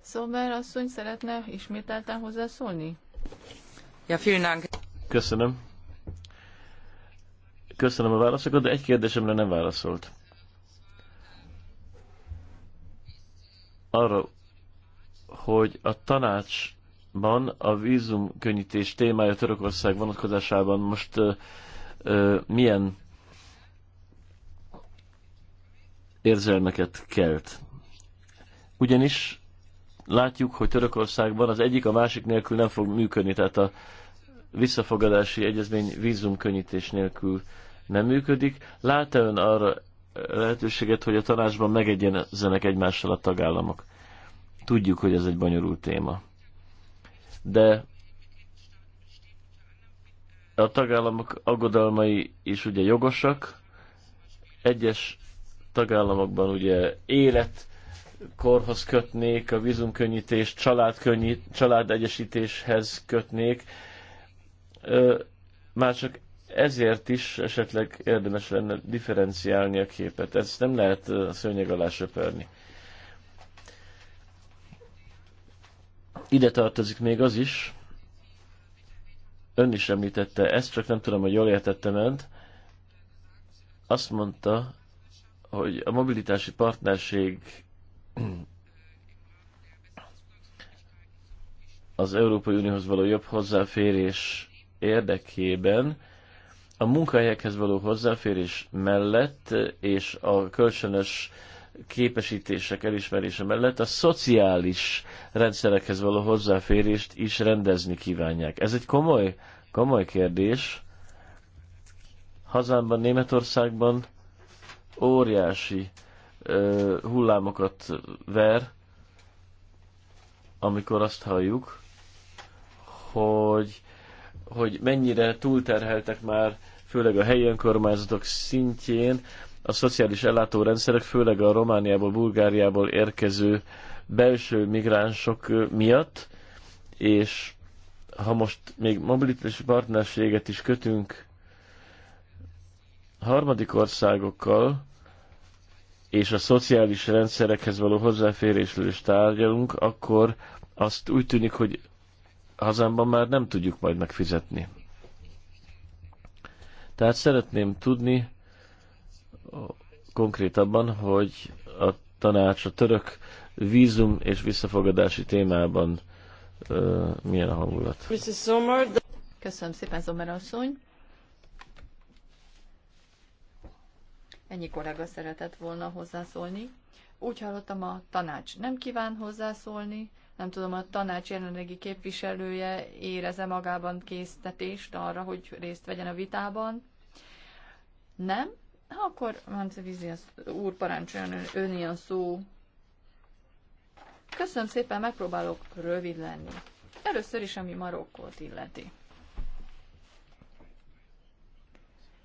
Szóval asszony szeretne ismételten hozzászólni? Ja, vielen Köszönöm. Köszönöm a válaszokat, de egy kérdésemre nem válaszolt. Arra hogy a tanácsban a vízumkönnyítés témája Törökország vonatkozásában most ö, ö, milyen érzelmeket kelt. Ugyanis látjuk, hogy Törökországban az egyik a másik nélkül nem fog működni, tehát a visszafogadási egyezmény vízumkönnyítés nélkül nem működik. Lát-e ön arra lehetőséget, hogy a tanácsban megegyezenek egymással a tagállamok? Tudjuk, hogy ez egy bonyolult téma. De a tagállamok aggodalmai is ugye jogosak. Egyes tagállamokban ugye élet korhoz kötnék, a vízumkönnyítést családkönnyít, családegyesítéshez kötnék. Már csak ezért is esetleg érdemes lenne differenciálni a képet. Ezt nem lehet a szőnyeg alá söpörni. Ide tartozik még az is, ön is említette ezt, csak nem tudom, hogy jól értettem ment. Azt mondta, hogy a mobilitási partnerség az Európai Unióhoz való jobb hozzáférés érdekében a munkahelyekhez való hozzáférés mellett és a kölcsönös képesítések elismerése mellett a szociális rendszerekhez való hozzáférést is rendezni kívánják. Ez egy komoly, komoly kérdés. Hazámban, Németországban óriási ö, hullámokat ver, amikor azt halljuk, hogy, hogy mennyire túlterheltek már, főleg a helyi önkormányzatok szintjén a szociális ellátórendszerek, főleg a Romániából, Bulgáriából érkező belső migránsok miatt, és ha most még mobilitási partnerséget is kötünk harmadik országokkal, és a szociális rendszerekhez való hozzáférésről is tárgyalunk, akkor azt úgy tűnik, hogy hazámban már nem tudjuk majd megfizetni. Tehát szeretném tudni, konkrétabban, hogy a tanács a török vízum és visszafogadási témában milyen a hangulat. Köszönöm szépen, Zomer asszony. Ennyi kollega szeretett volna hozzászólni. Úgy hallottam, a tanács nem kíván hozzászólni, nem tudom, a tanács jelenlegi képviselője éreze magában késztetést arra, hogy részt vegyen a vitában. Nem? Ha akkor az úr parancsoljon ön ilyen szó. Köszönöm szépen, megpróbálok rövid lenni. Először is, ami Marokkót illeti.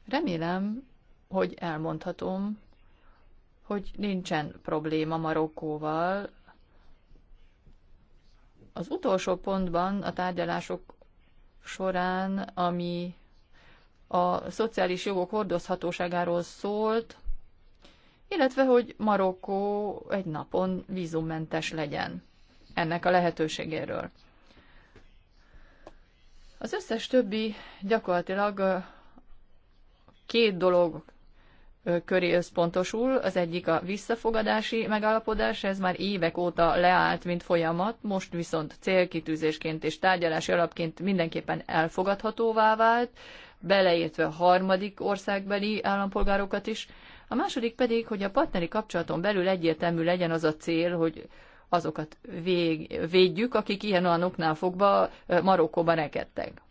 Remélem, hogy elmondhatom, hogy nincsen probléma Marokkóval. Az utolsó pontban a tárgyalások során, ami a szociális jogok hordozhatóságáról szólt, illetve hogy Marokkó egy napon vízummentes legyen ennek a lehetőségéről. Az összes többi gyakorlatilag két dolog köré összpontosul. Az egyik a visszafogadási megállapodás, ez már évek óta leállt, mint folyamat, most viszont célkitűzésként és tárgyalási alapként mindenképpen elfogadhatóvá vált, beleértve a harmadik országbeli állampolgárokat is. A második pedig, hogy a partneri kapcsolaton belül egyértelmű legyen az a cél, hogy azokat vég, védjük, akik ilyen olyan oknál fogva Marokkóban rekedtek.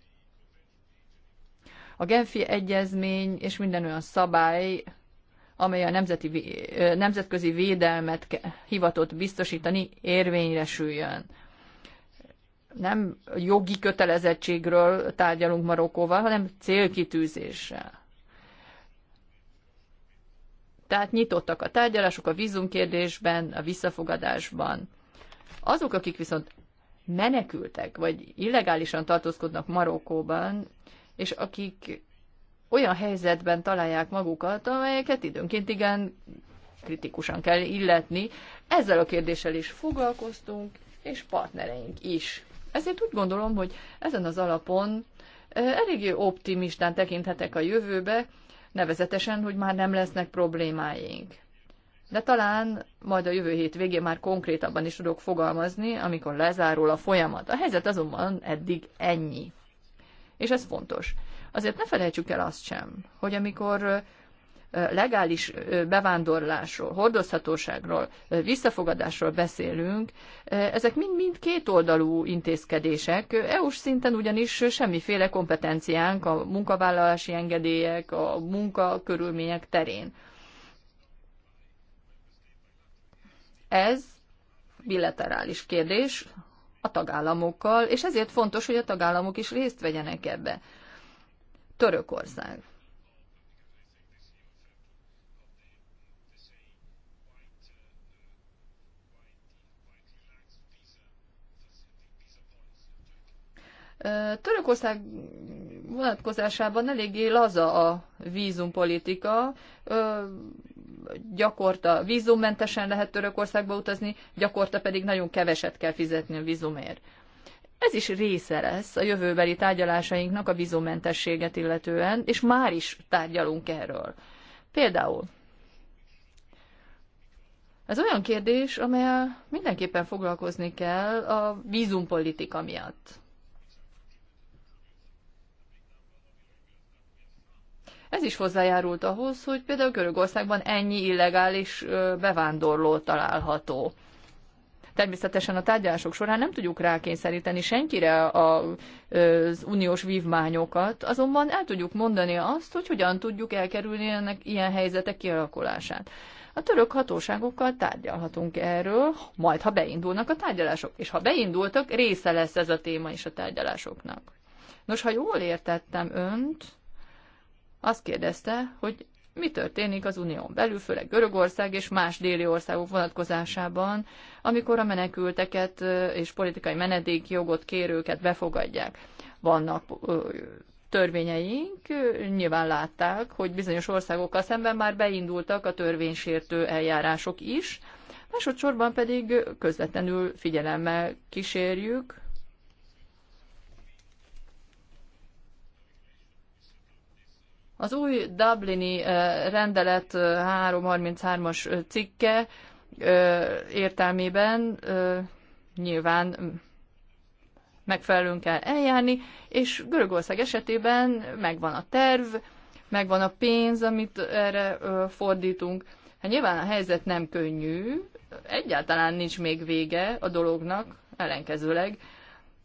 A Genfi Egyezmény és minden olyan szabály, amely a nemzeti, nemzetközi védelmet hivatott biztosítani, érvényre süljön nem jogi kötelezettségről tárgyalunk Marokkóval, hanem célkitűzéssel. Tehát nyitottak a tárgyalások a vízumkérdésben, a visszafogadásban. Azok, akik viszont menekültek, vagy illegálisan tartózkodnak Marokkóban, és akik olyan helyzetben találják magukat, amelyeket időnként igen kritikusan kell illetni. Ezzel a kérdéssel is foglalkoztunk, és partnereink is. Ezért úgy gondolom, hogy ezen az alapon eléggé optimistán tekinthetek a jövőbe, nevezetesen, hogy már nem lesznek problémáink. De talán majd a jövő hét végén már konkrétabban is tudok fogalmazni, amikor lezárul a folyamat. A helyzet azonban eddig ennyi. És ez fontos. Azért ne felejtsük el azt sem, hogy amikor legális bevándorlásról, hordozhatóságról, visszafogadásról beszélünk, ezek mind-mind kétoldalú intézkedések. EU-s szinten ugyanis semmiféle kompetenciánk a munkavállalási engedélyek, a munkakörülmények terén. Ez bilaterális kérdés a tagállamokkal, és ezért fontos, hogy a tagállamok is részt vegyenek ebbe. Törökország. Törökország vonatkozásában eléggé laza a vízumpolitika, gyakorta vízummentesen lehet Törökországba utazni, gyakorta pedig nagyon keveset kell fizetni a vízumért. Ez is része lesz a jövőbeli tárgyalásainknak a vízummentességet illetően, és már is tárgyalunk erről. Például ez olyan kérdés, amelyel mindenképpen foglalkozni kell a vízumpolitika miatt. Ez is hozzájárult ahhoz, hogy például Görögországban ennyi illegális bevándorló található. Természetesen a tárgyalások során nem tudjuk rákényszeríteni senkire az uniós vívmányokat, azonban el tudjuk mondani azt, hogy hogyan tudjuk elkerülni ennek ilyen helyzetek kialakulását. A török hatóságokkal tárgyalhatunk erről, majd ha beindulnak a tárgyalások. És ha beindultak, része lesz ez a téma is a tárgyalásoknak. Nos, ha jól értettem önt, azt kérdezte, hogy mi történik az unión belül, főleg Görögország és más déli országok vonatkozásában, amikor a menekülteket és politikai menedékjogot kérőket befogadják. Vannak törvényeink, nyilván látták, hogy bizonyos országokkal szemben már beindultak a törvénysértő eljárások is, másodszorban pedig közvetlenül figyelemmel kísérjük Az új Dublini rendelet 333-as cikke értelmében nyilván megfelelően kell eljárni, és Görögország esetében megvan a terv, megvan a pénz, amit erre fordítunk. Hát nyilván a helyzet nem könnyű, egyáltalán nincs még vége a dolognak, ellenkezőleg,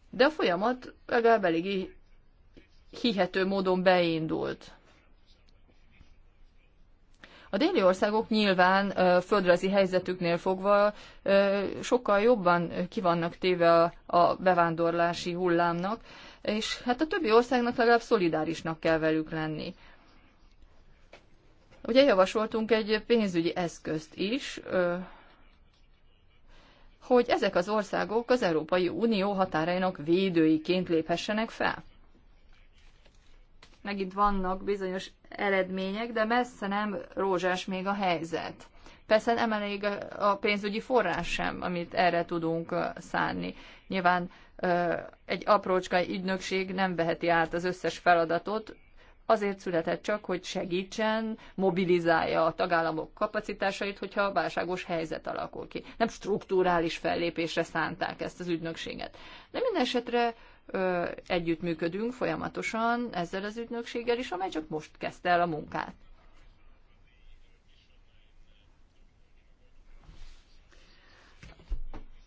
de a folyamat legalább eléggé hihető módon beindult. A déli országok nyilván földrajzi helyzetüknél fogva sokkal jobban kivannak téve a bevándorlási hullámnak, és hát a többi országnak legalább szolidárisnak kell velük lenni. Ugye javasoltunk egy pénzügyi eszközt is, hogy ezek az országok az Európai Unió határainak védőiként léphessenek fel. Megint vannak bizonyos eredmények, de messze nem rózsás még a helyzet. Persze nem elég a pénzügyi forrás sem, amit erre tudunk szánni. Nyilván egy aprócskai ügynökség nem veheti át az összes feladatot, azért született csak, hogy segítsen, mobilizálja a tagállamok kapacitásait, hogyha válságos helyzet alakul ki. Nem strukturális fellépésre szánták ezt az ügynökséget. De minden esetre együttműködünk folyamatosan ezzel az ügynökséggel is, amely csak most kezdte el a munkát.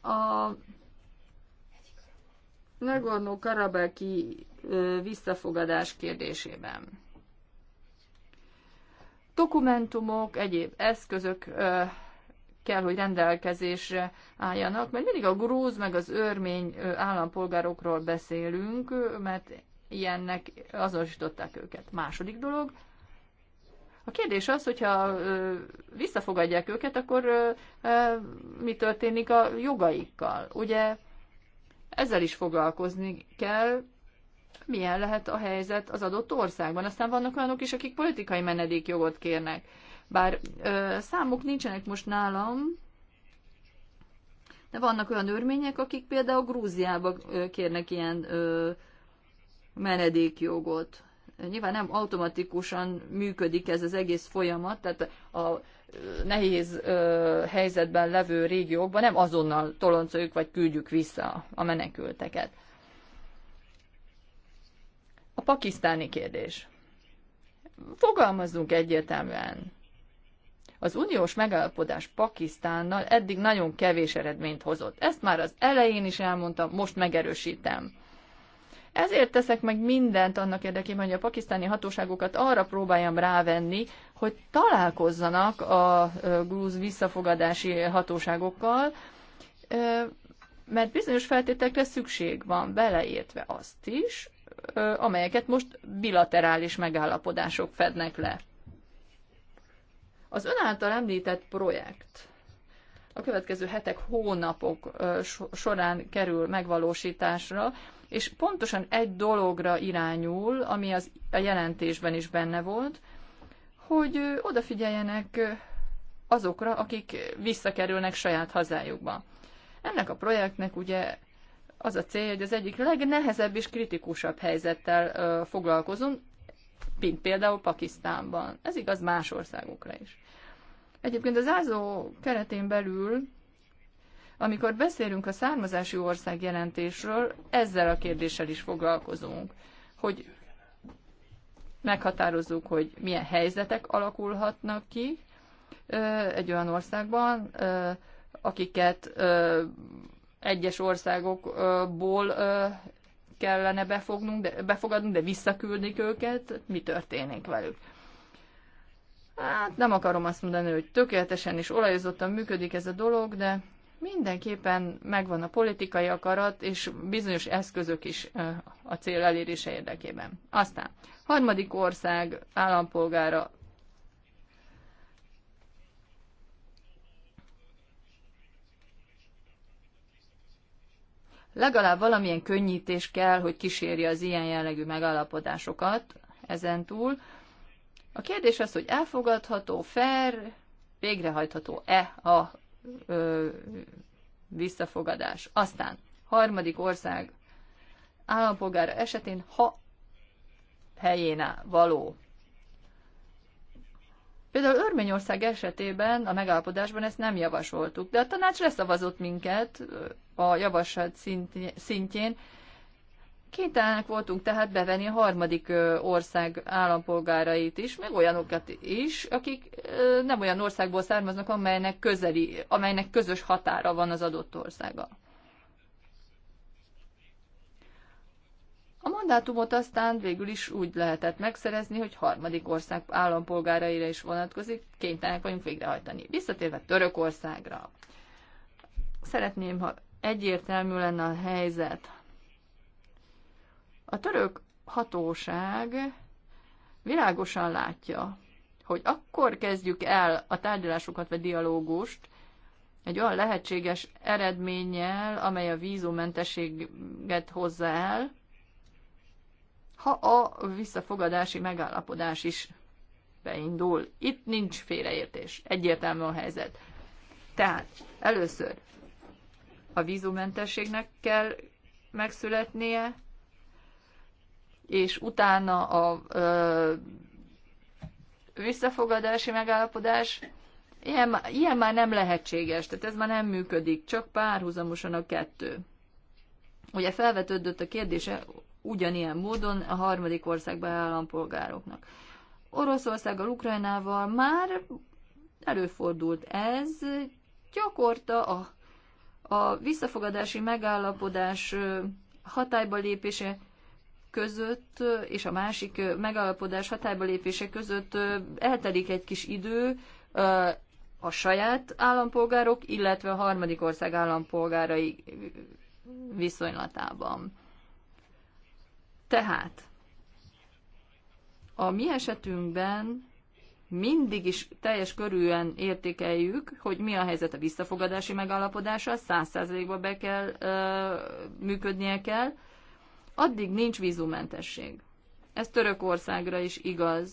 A nagorno Karabeki visszafogadás kérdésében. Dokumentumok, egyéb eszközök kell, hogy rendelkezésre álljanak, mert mindig a grúz meg az örmény állampolgárokról beszélünk, mert ilyennek azonosították őket. Második dolog, a kérdés az, hogyha visszafogadják őket, akkor mi történik a jogaikkal? Ugye ezzel is foglalkozni kell, milyen lehet a helyzet az adott országban. Aztán vannak olyanok is, akik politikai menedékjogot kérnek. Bár ö, számok nincsenek most nálam, de vannak olyan örmények, akik például Grúziába kérnek ilyen ö, menedékjogot. Nyilván nem automatikusan működik ez az egész folyamat, tehát a nehéz ö, helyzetben levő régiókban nem azonnal toloncoljuk vagy küldjük vissza a menekülteket. A pakisztáni kérdés. Fogalmazzunk egyértelműen. Az uniós megállapodás Pakisztánnal eddig nagyon kevés eredményt hozott. Ezt már az elején is elmondtam, most megerősítem. Ezért teszek meg mindent annak érdekében, hogy a pakisztáni hatóságokat arra próbáljam rávenni, hogy találkozzanak a grúz visszafogadási hatóságokkal, mert bizonyos feltételekre szükség van, beleértve azt is, amelyeket most bilaterális megállapodások fednek le. Az ön által említett projekt a következő hetek, hónapok során kerül megvalósításra, és pontosan egy dologra irányul, ami az, a jelentésben is benne volt, hogy odafigyeljenek azokra, akik visszakerülnek saját hazájukba. Ennek a projektnek ugye az a célja, hogy az egyik legnehezebb és kritikusabb helyzettel foglalkozunk, mint például Pakisztánban. Ez igaz más országokra is. Egyébként az ázó keretén belül, amikor beszélünk a származási ország jelentésről, ezzel a kérdéssel is foglalkozunk, hogy meghatározzuk, hogy milyen helyzetek alakulhatnak ki egy olyan országban, akiket egyes országokból kellene befognunk, de, befogadnunk, de visszaküldik őket, mi történik velük. Hát nem akarom azt mondani, hogy tökéletesen és olajozottan működik ez a dolog, de mindenképpen megvan a politikai akarat, és bizonyos eszközök is a cél elérése érdekében. Aztán harmadik ország állampolgára legalább valamilyen könnyítés kell, hogy kísérje az ilyen jellegű megállapodásokat ezentúl. A kérdés az, hogy elfogadható, fair, végrehajtható-e a ö, visszafogadás. Aztán harmadik ország állampolgára esetén, ha helyén való. Például Örményország esetében a megállapodásban ezt nem javasoltuk, de a tanács leszavazott minket a javaslat szintjén. Kénytelenek voltunk tehát bevenni a harmadik ország állampolgárait is, meg olyanokat is, akik nem olyan országból származnak, amelynek, közeli, amelynek közös határa van az adott országa. A mandátumot aztán végül is úgy lehetett megszerezni, hogy harmadik ország állampolgáraira is vonatkozik, kénytelenek vagyunk végrehajtani. Visszatérve Törökországra. Szeretném, ha egyértelmű lenne a helyzet. A török hatóság világosan látja, hogy akkor kezdjük el a tárgyalásokat vagy dialógust egy olyan lehetséges eredménnyel, amely a vízumentességet hozza el, ha a visszafogadási megállapodás is beindul. Itt nincs félreértés, egyértelmű a helyzet. Tehát először a vízumentességnek kell megszületnie, és utána a ö, visszafogadási megállapodás, ilyen, ilyen már nem lehetséges, tehát ez már nem működik, csak párhuzamosan a kettő. Ugye felvetődött a kérdése ugyanilyen módon a harmadik országba állampolgároknak. Oroszországgal, Ukrajnával már előfordult ez, gyakorta a a visszafogadási megállapodás hatályba lépése között és a másik megállapodás hatályba lépése között eltelik egy kis idő a saját állampolgárok, illetve a harmadik ország állampolgárai viszonylatában. Tehát a mi esetünkben mindig is teljes körűen értékeljük, hogy mi a helyzet a visszafogadási megállapodással, száz százalékba be kell, ö, működnie kell, addig nincs vízumentesség. Ez Törökországra is igaz.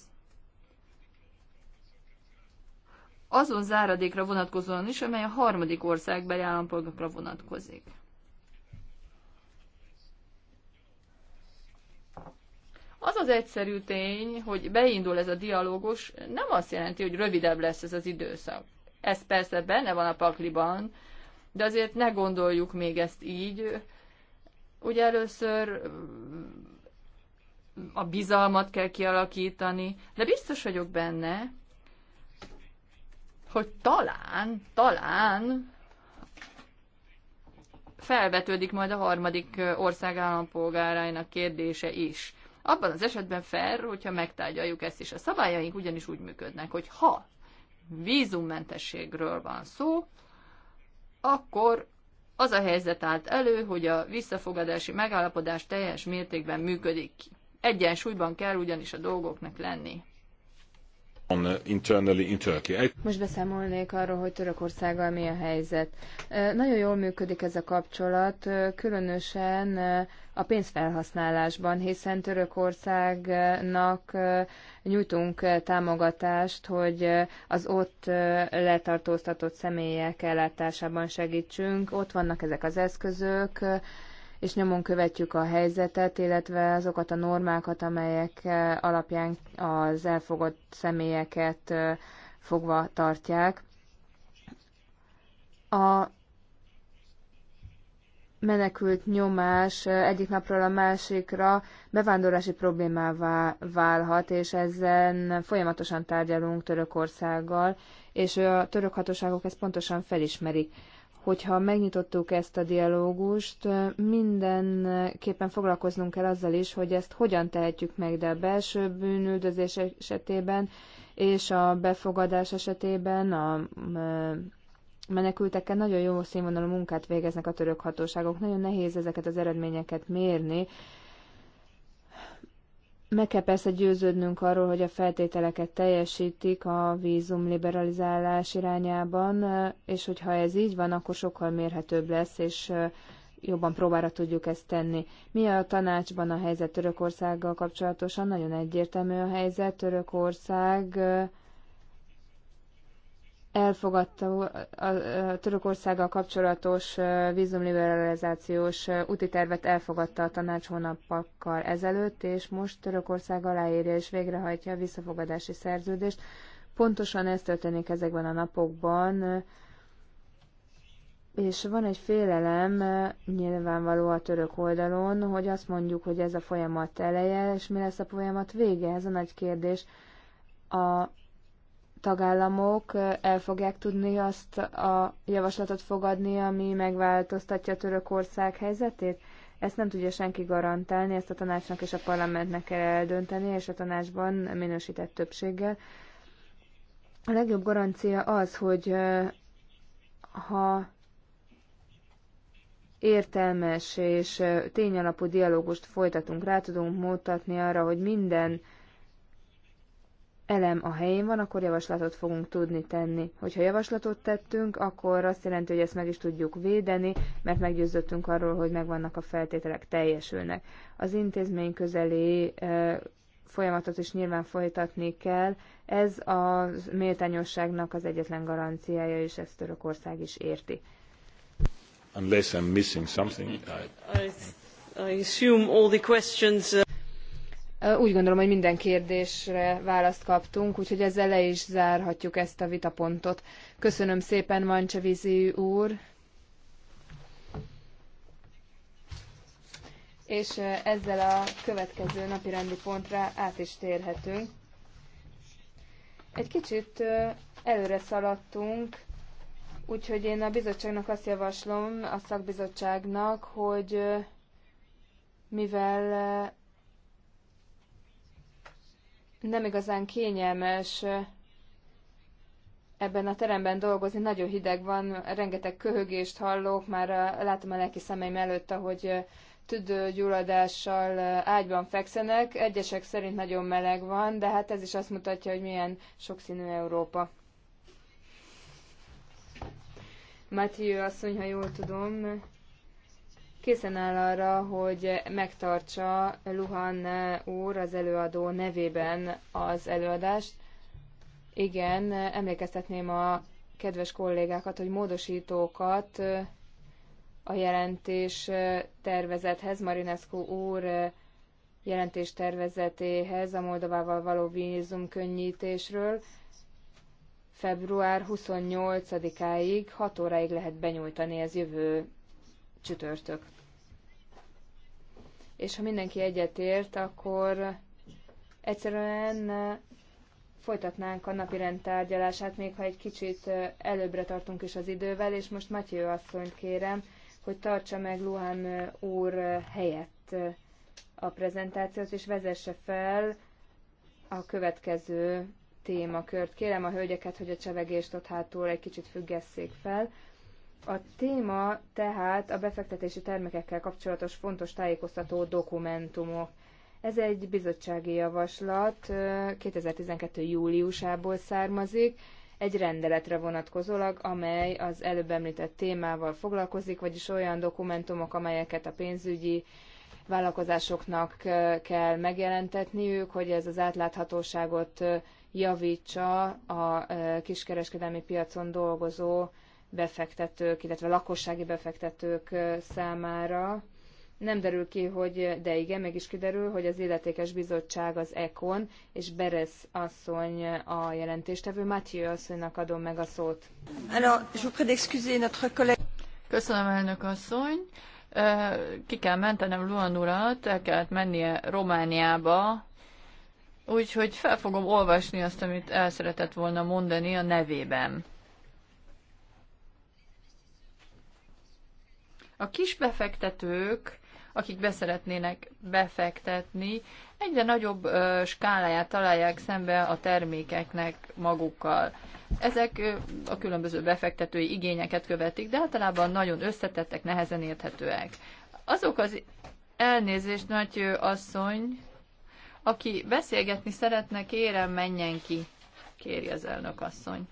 Azon záradékra vonatkozóan is, amely a harmadik ország állampolgakra vonatkozik. Az az egyszerű tény, hogy beindul ez a dialógus, nem azt jelenti, hogy rövidebb lesz ez az időszak. Ez persze benne van a pakliban, de azért ne gondoljuk még ezt így. Ugye először mm, a bizalmat kell kialakítani, de biztos vagyok benne, hogy talán, talán felvetődik majd a harmadik ország állampolgárainak kérdése is abban az esetben fair, hogyha megtárgyaljuk ezt is. A szabályaink ugyanis úgy működnek, hogy ha vízummentességről van szó, akkor az a helyzet állt elő, hogy a visszafogadási megállapodás teljes mértékben működik. Egyensúlyban kell ugyanis a dolgoknak lenni. Uh, Most beszámolnék arról, hogy Törökországgal mi a helyzet. Nagyon jól működik ez a kapcsolat, különösen a pénzfelhasználásban, hiszen Törökországnak nyújtunk támogatást, hogy az ott letartóztatott személyek ellátásában segítsünk. Ott vannak ezek az eszközök, és nyomon követjük a helyzetet, illetve azokat a normákat, amelyek eh, alapján az elfogott személyeket eh, fogva tartják. A menekült nyomás eh, egyik napról a másikra bevándorlási problémává válhat, és ezen folyamatosan tárgyalunk Törökországgal, és a török hatóságok ezt pontosan felismerik hogyha megnyitottuk ezt a dialógust, mindenképpen foglalkoznunk kell azzal is, hogy ezt hogyan tehetjük meg, de a belső bűnüldözés esetében és a befogadás esetében a menekültekkel nagyon jó színvonalú munkát végeznek a török hatóságok. Nagyon nehéz ezeket az eredményeket mérni, meg kell persze győződnünk arról, hogy a feltételeket teljesítik a vízum liberalizálás irányában, és hogyha ez így van, akkor sokkal mérhetőbb lesz, és jobban próbára tudjuk ezt tenni. Mi a tanácsban a helyzet Törökországgal kapcsolatosan? Nagyon egyértelmű a helyzet. Törökország elfogadta a Törökországgal kapcsolatos vízumliberalizációs úti tervet elfogadta a tanács hónapokkal ezelőtt, és most Törökország aláírja és végrehajtja a visszafogadási szerződést. Pontosan ez történik ezekben a napokban, és van egy félelem nyilvánvaló a török oldalon, hogy azt mondjuk, hogy ez a folyamat eleje, és mi lesz a folyamat vége, ez a nagy kérdés. A tagállamok el fogják tudni azt a javaslatot fogadni, ami megváltoztatja Törökország helyzetét? Ezt nem tudja senki garantálni, ezt a tanácsnak és a parlamentnek kell eldönteni, és a tanácsban minősített többséggel. A legjobb garancia az, hogy ha értelmes és tényalapú dialógust folytatunk, rá tudunk mutatni arra, hogy minden elem a helyén van, akkor javaslatot fogunk tudni tenni. Hogyha javaslatot tettünk, akkor azt jelenti, hogy ezt meg is tudjuk védeni, mert meggyőződtünk arról, hogy megvannak a feltételek, teljesülnek. Az intézmény közeli folyamatot is nyilván folytatni kell. Ez a méltányosságnak az egyetlen garanciája, és ezt Törökország is érti. Unless I'm missing something. I, I assume all the questions uh, úgy gondolom, hogy minden kérdésre választ kaptunk, úgyhogy ezzel le is zárhatjuk ezt a vitapontot. Köszönöm szépen, Mancsevizi úr! És ezzel a következő napirendi pontra át is térhetünk. Egy kicsit előre szaladtunk, úgyhogy én a bizottságnak azt javaslom, a szakbizottságnak, hogy mivel nem igazán kényelmes ebben a teremben dolgozni, nagyon hideg van, rengeteg köhögést hallok, már látom a lelki szemeim előtt, ahogy tüdőgyulladással ágyban fekszenek. Egyesek szerint nagyon meleg van, de hát ez is azt mutatja, hogy milyen sokszínű Európa. Mathieu asszony, ha jól tudom, készen áll arra, hogy megtartsa Luhan úr az előadó nevében az előadást. Igen, emlékeztetném a kedves kollégákat, hogy módosítókat a jelentés tervezethez, Marinescu úr jelentés tervezetéhez a Moldovával való vízum könnyítésről február 28-áig 6 óráig lehet benyújtani, ez jövő csütörtök. És ha mindenki egyetért, akkor egyszerűen folytatnánk a napi rendtárgyalását, még ha egy kicsit előbbre tartunk is az idővel, és most Matyő asszonyt kérem, hogy tartsa meg Luhán úr helyett a prezentációt, és vezesse fel a következő témakört. Kérem a hölgyeket, hogy a csevegést ott hátul egy kicsit függesszék fel. A téma tehát a befektetési termékekkel kapcsolatos fontos tájékoztató dokumentumok. Ez egy bizottsági javaslat 2012. júliusából származik, egy rendeletre vonatkozólag, amely az előbb említett témával foglalkozik, vagyis olyan dokumentumok, amelyeket a pénzügyi vállalkozásoknak kell megjelentetniük, hogy ez az átláthatóságot javítsa a kiskereskedelmi piacon dolgozó befektetők, illetve lakossági befektetők számára. Nem derül ki, hogy, de igen, is kiderül, hogy az illetékes bizottság az ECON, és Beresz asszony a jelentéstevő. Mathieu asszonynak adom meg a szót. Köszönöm, elnök asszony. Ki kell mentenem Luan urat, el kellett mennie Romániába, úgyhogy fel fogom olvasni azt, amit el szeretett volna mondani a nevében. A kis befektetők, akik beszeretnének befektetni, egyre nagyobb skáláját találják szembe a termékeknek magukkal. Ezek a különböző befektetői igényeket követik, de általában nagyon összetettek, nehezen érthetőek. Azok az elnézést, nagy asszony, aki beszélgetni szeretne, kérem, menjen ki, kéri az elnök asszony.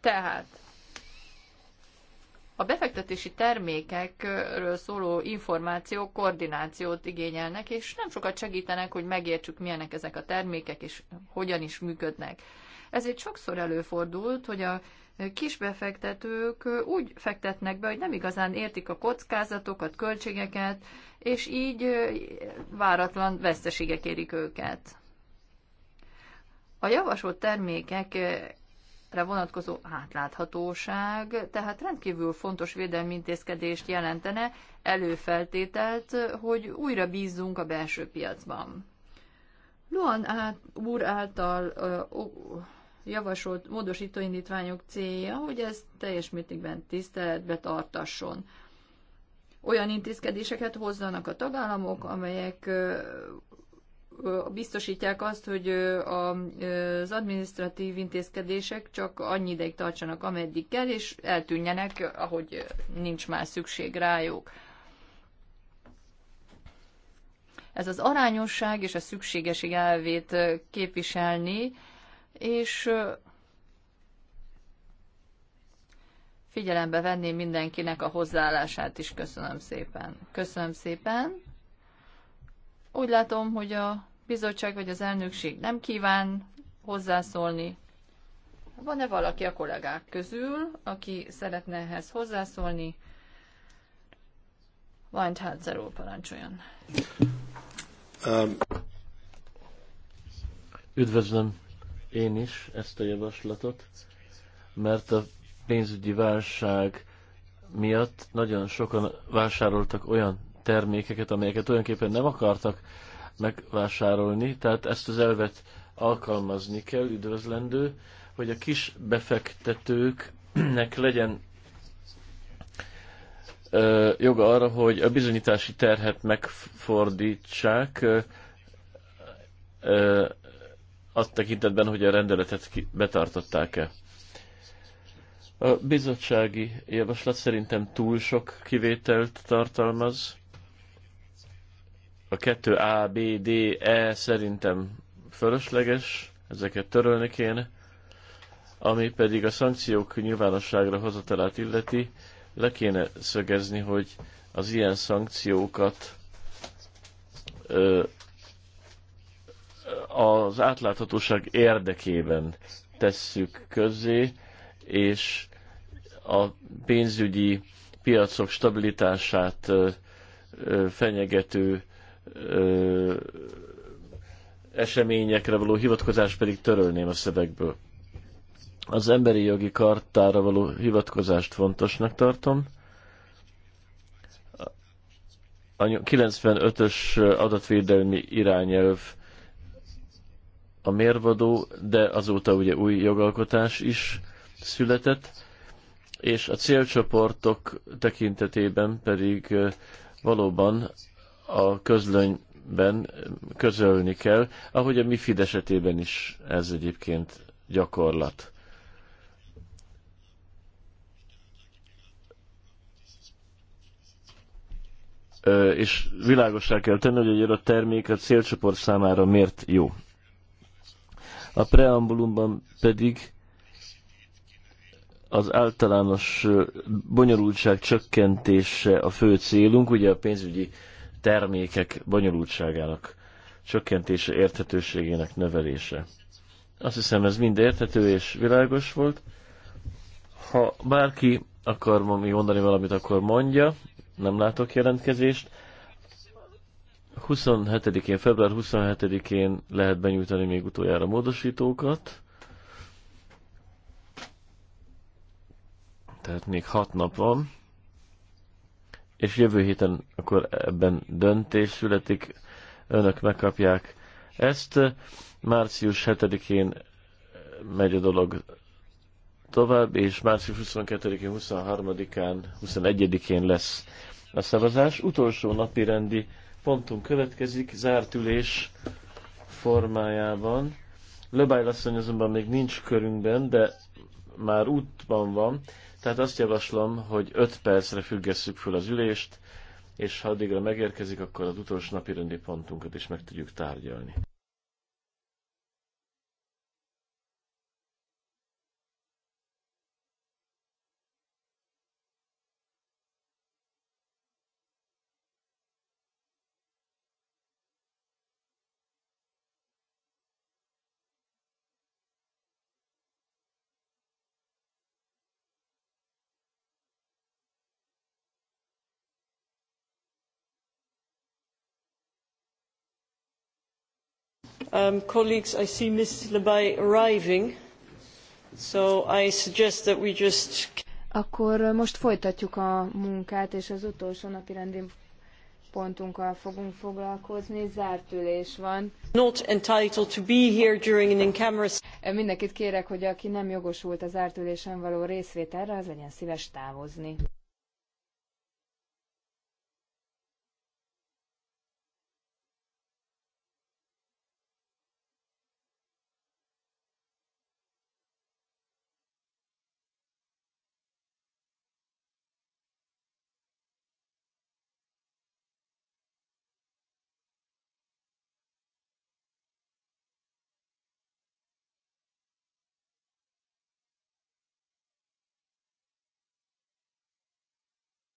Tehát a befektetési termékekről szóló információ koordinációt igényelnek, és nem sokat segítenek, hogy megértsük, milyenek ezek a termékek, és hogyan is működnek. Ezért sokszor előfordult, hogy a kisbefektetők úgy fektetnek be, hogy nem igazán értik a kockázatokat, költségeket, és így váratlan veszteségek érik őket. A javasolt termékek vonatkozó átláthatóság, tehát rendkívül fontos védelmi intézkedést jelentene, előfeltételt, hogy újra bízzunk a belső piacban. Luan át, úr által ö, ö, javasolt módosítóindítványok célja, hogy ez teljes mértékben tiszteletbe tartasson. Olyan intézkedéseket hozzanak a tagállamok, amelyek biztosítják azt, hogy az adminisztratív intézkedések csak annyi ideig tartsanak, ameddig kell, és eltűnjenek, ahogy nincs már szükség rájuk. Ez az arányosság és a szükségeség elvét képviselni, és figyelembe venni mindenkinek a hozzáállását is. Köszönöm szépen. Köszönöm szépen. Úgy látom, hogy a bizottság vagy az elnökség nem kíván hozzászólni. Van-e valaki a kollégák közül, aki szeretne ehhez hozzászólni? Weinthátzer úr parancsoljon. Um. Üdvözlöm én is ezt a javaslatot, mert a pénzügyi válság miatt nagyon sokan vásároltak olyan termékeket, amelyeket tulajdonképpen nem akartak megvásárolni, tehát ezt az elvet alkalmazni kell, üdvözlendő, hogy a kis befektetőknek legyen ö, joga arra, hogy a bizonyítási terhet megfordítsák ö, ö, azt tekintetben, hogy a rendeletet betartották-e. A bizottsági javaslat szerintem túl sok kivételt tartalmaz, a kettő a B, D, E szerintem fölösleges, ezeket törölni kéne. Ami pedig a szankciók nyilvánosságra hozatalát illeti, le kéne szögezni, hogy az ilyen szankciókat ö, az átláthatóság érdekében tesszük közzé, és a pénzügyi piacok stabilitását fenyegető ö, eseményekre való hivatkozást pedig törölném a szövegből. Az emberi jogi kartára való hivatkozást fontosnak tartom. A 95-ös adatvédelmi irányelv a mérvadó, de azóta ugye új jogalkotás is született, és a célcsoportok tekintetében pedig valóban a közlönyben közölni kell, ahogy a MIFID esetében is ez egyébként gyakorlat. és világosá kell tenni, hogy egy adott termék a célcsoport számára miért jó. A preambulumban pedig az általános bonyolultság csökkentése a fő célunk, ugye a pénzügyi termékek bonyolultságának csökkentése, érthetőségének növelése. Azt hiszem ez mind érthető és világos volt. Ha bárki akar még mondani valamit, akkor mondja. Nem látok jelentkezést. 27-én, február 27-én lehet benyújtani még utoljára módosítókat. Tehát még hat nap van és jövő héten akkor ebben döntés születik, önök megkapják ezt. Március 7-én megy a dolog tovább, és március 22-én, 23-án, 21-én lesz a szavazás. Utolsó napi rendi pontunk következik, zárt ülés formájában. Löbály asszony azonban még nincs körünkben, de már útban van, tehát azt javaslom, hogy 5 percre függesszük föl az ülést, és ha addigra megérkezik, akkor az utolsó napi rendi pontunkat is meg tudjuk tárgyalni. Um, colleagues, I see Ms. Labai arriving, so I suggest that we just... Akkor uh, most folytatjuk a munkát, és az utolsó napi rendi pontunkkal fogunk foglalkozni, zárt ülés van. Not entitled to be here during an in-camera... Uh, mindenkit kérek, hogy aki nem jogosult az zárt ülésen való részvételre, az legyen szíves távozni.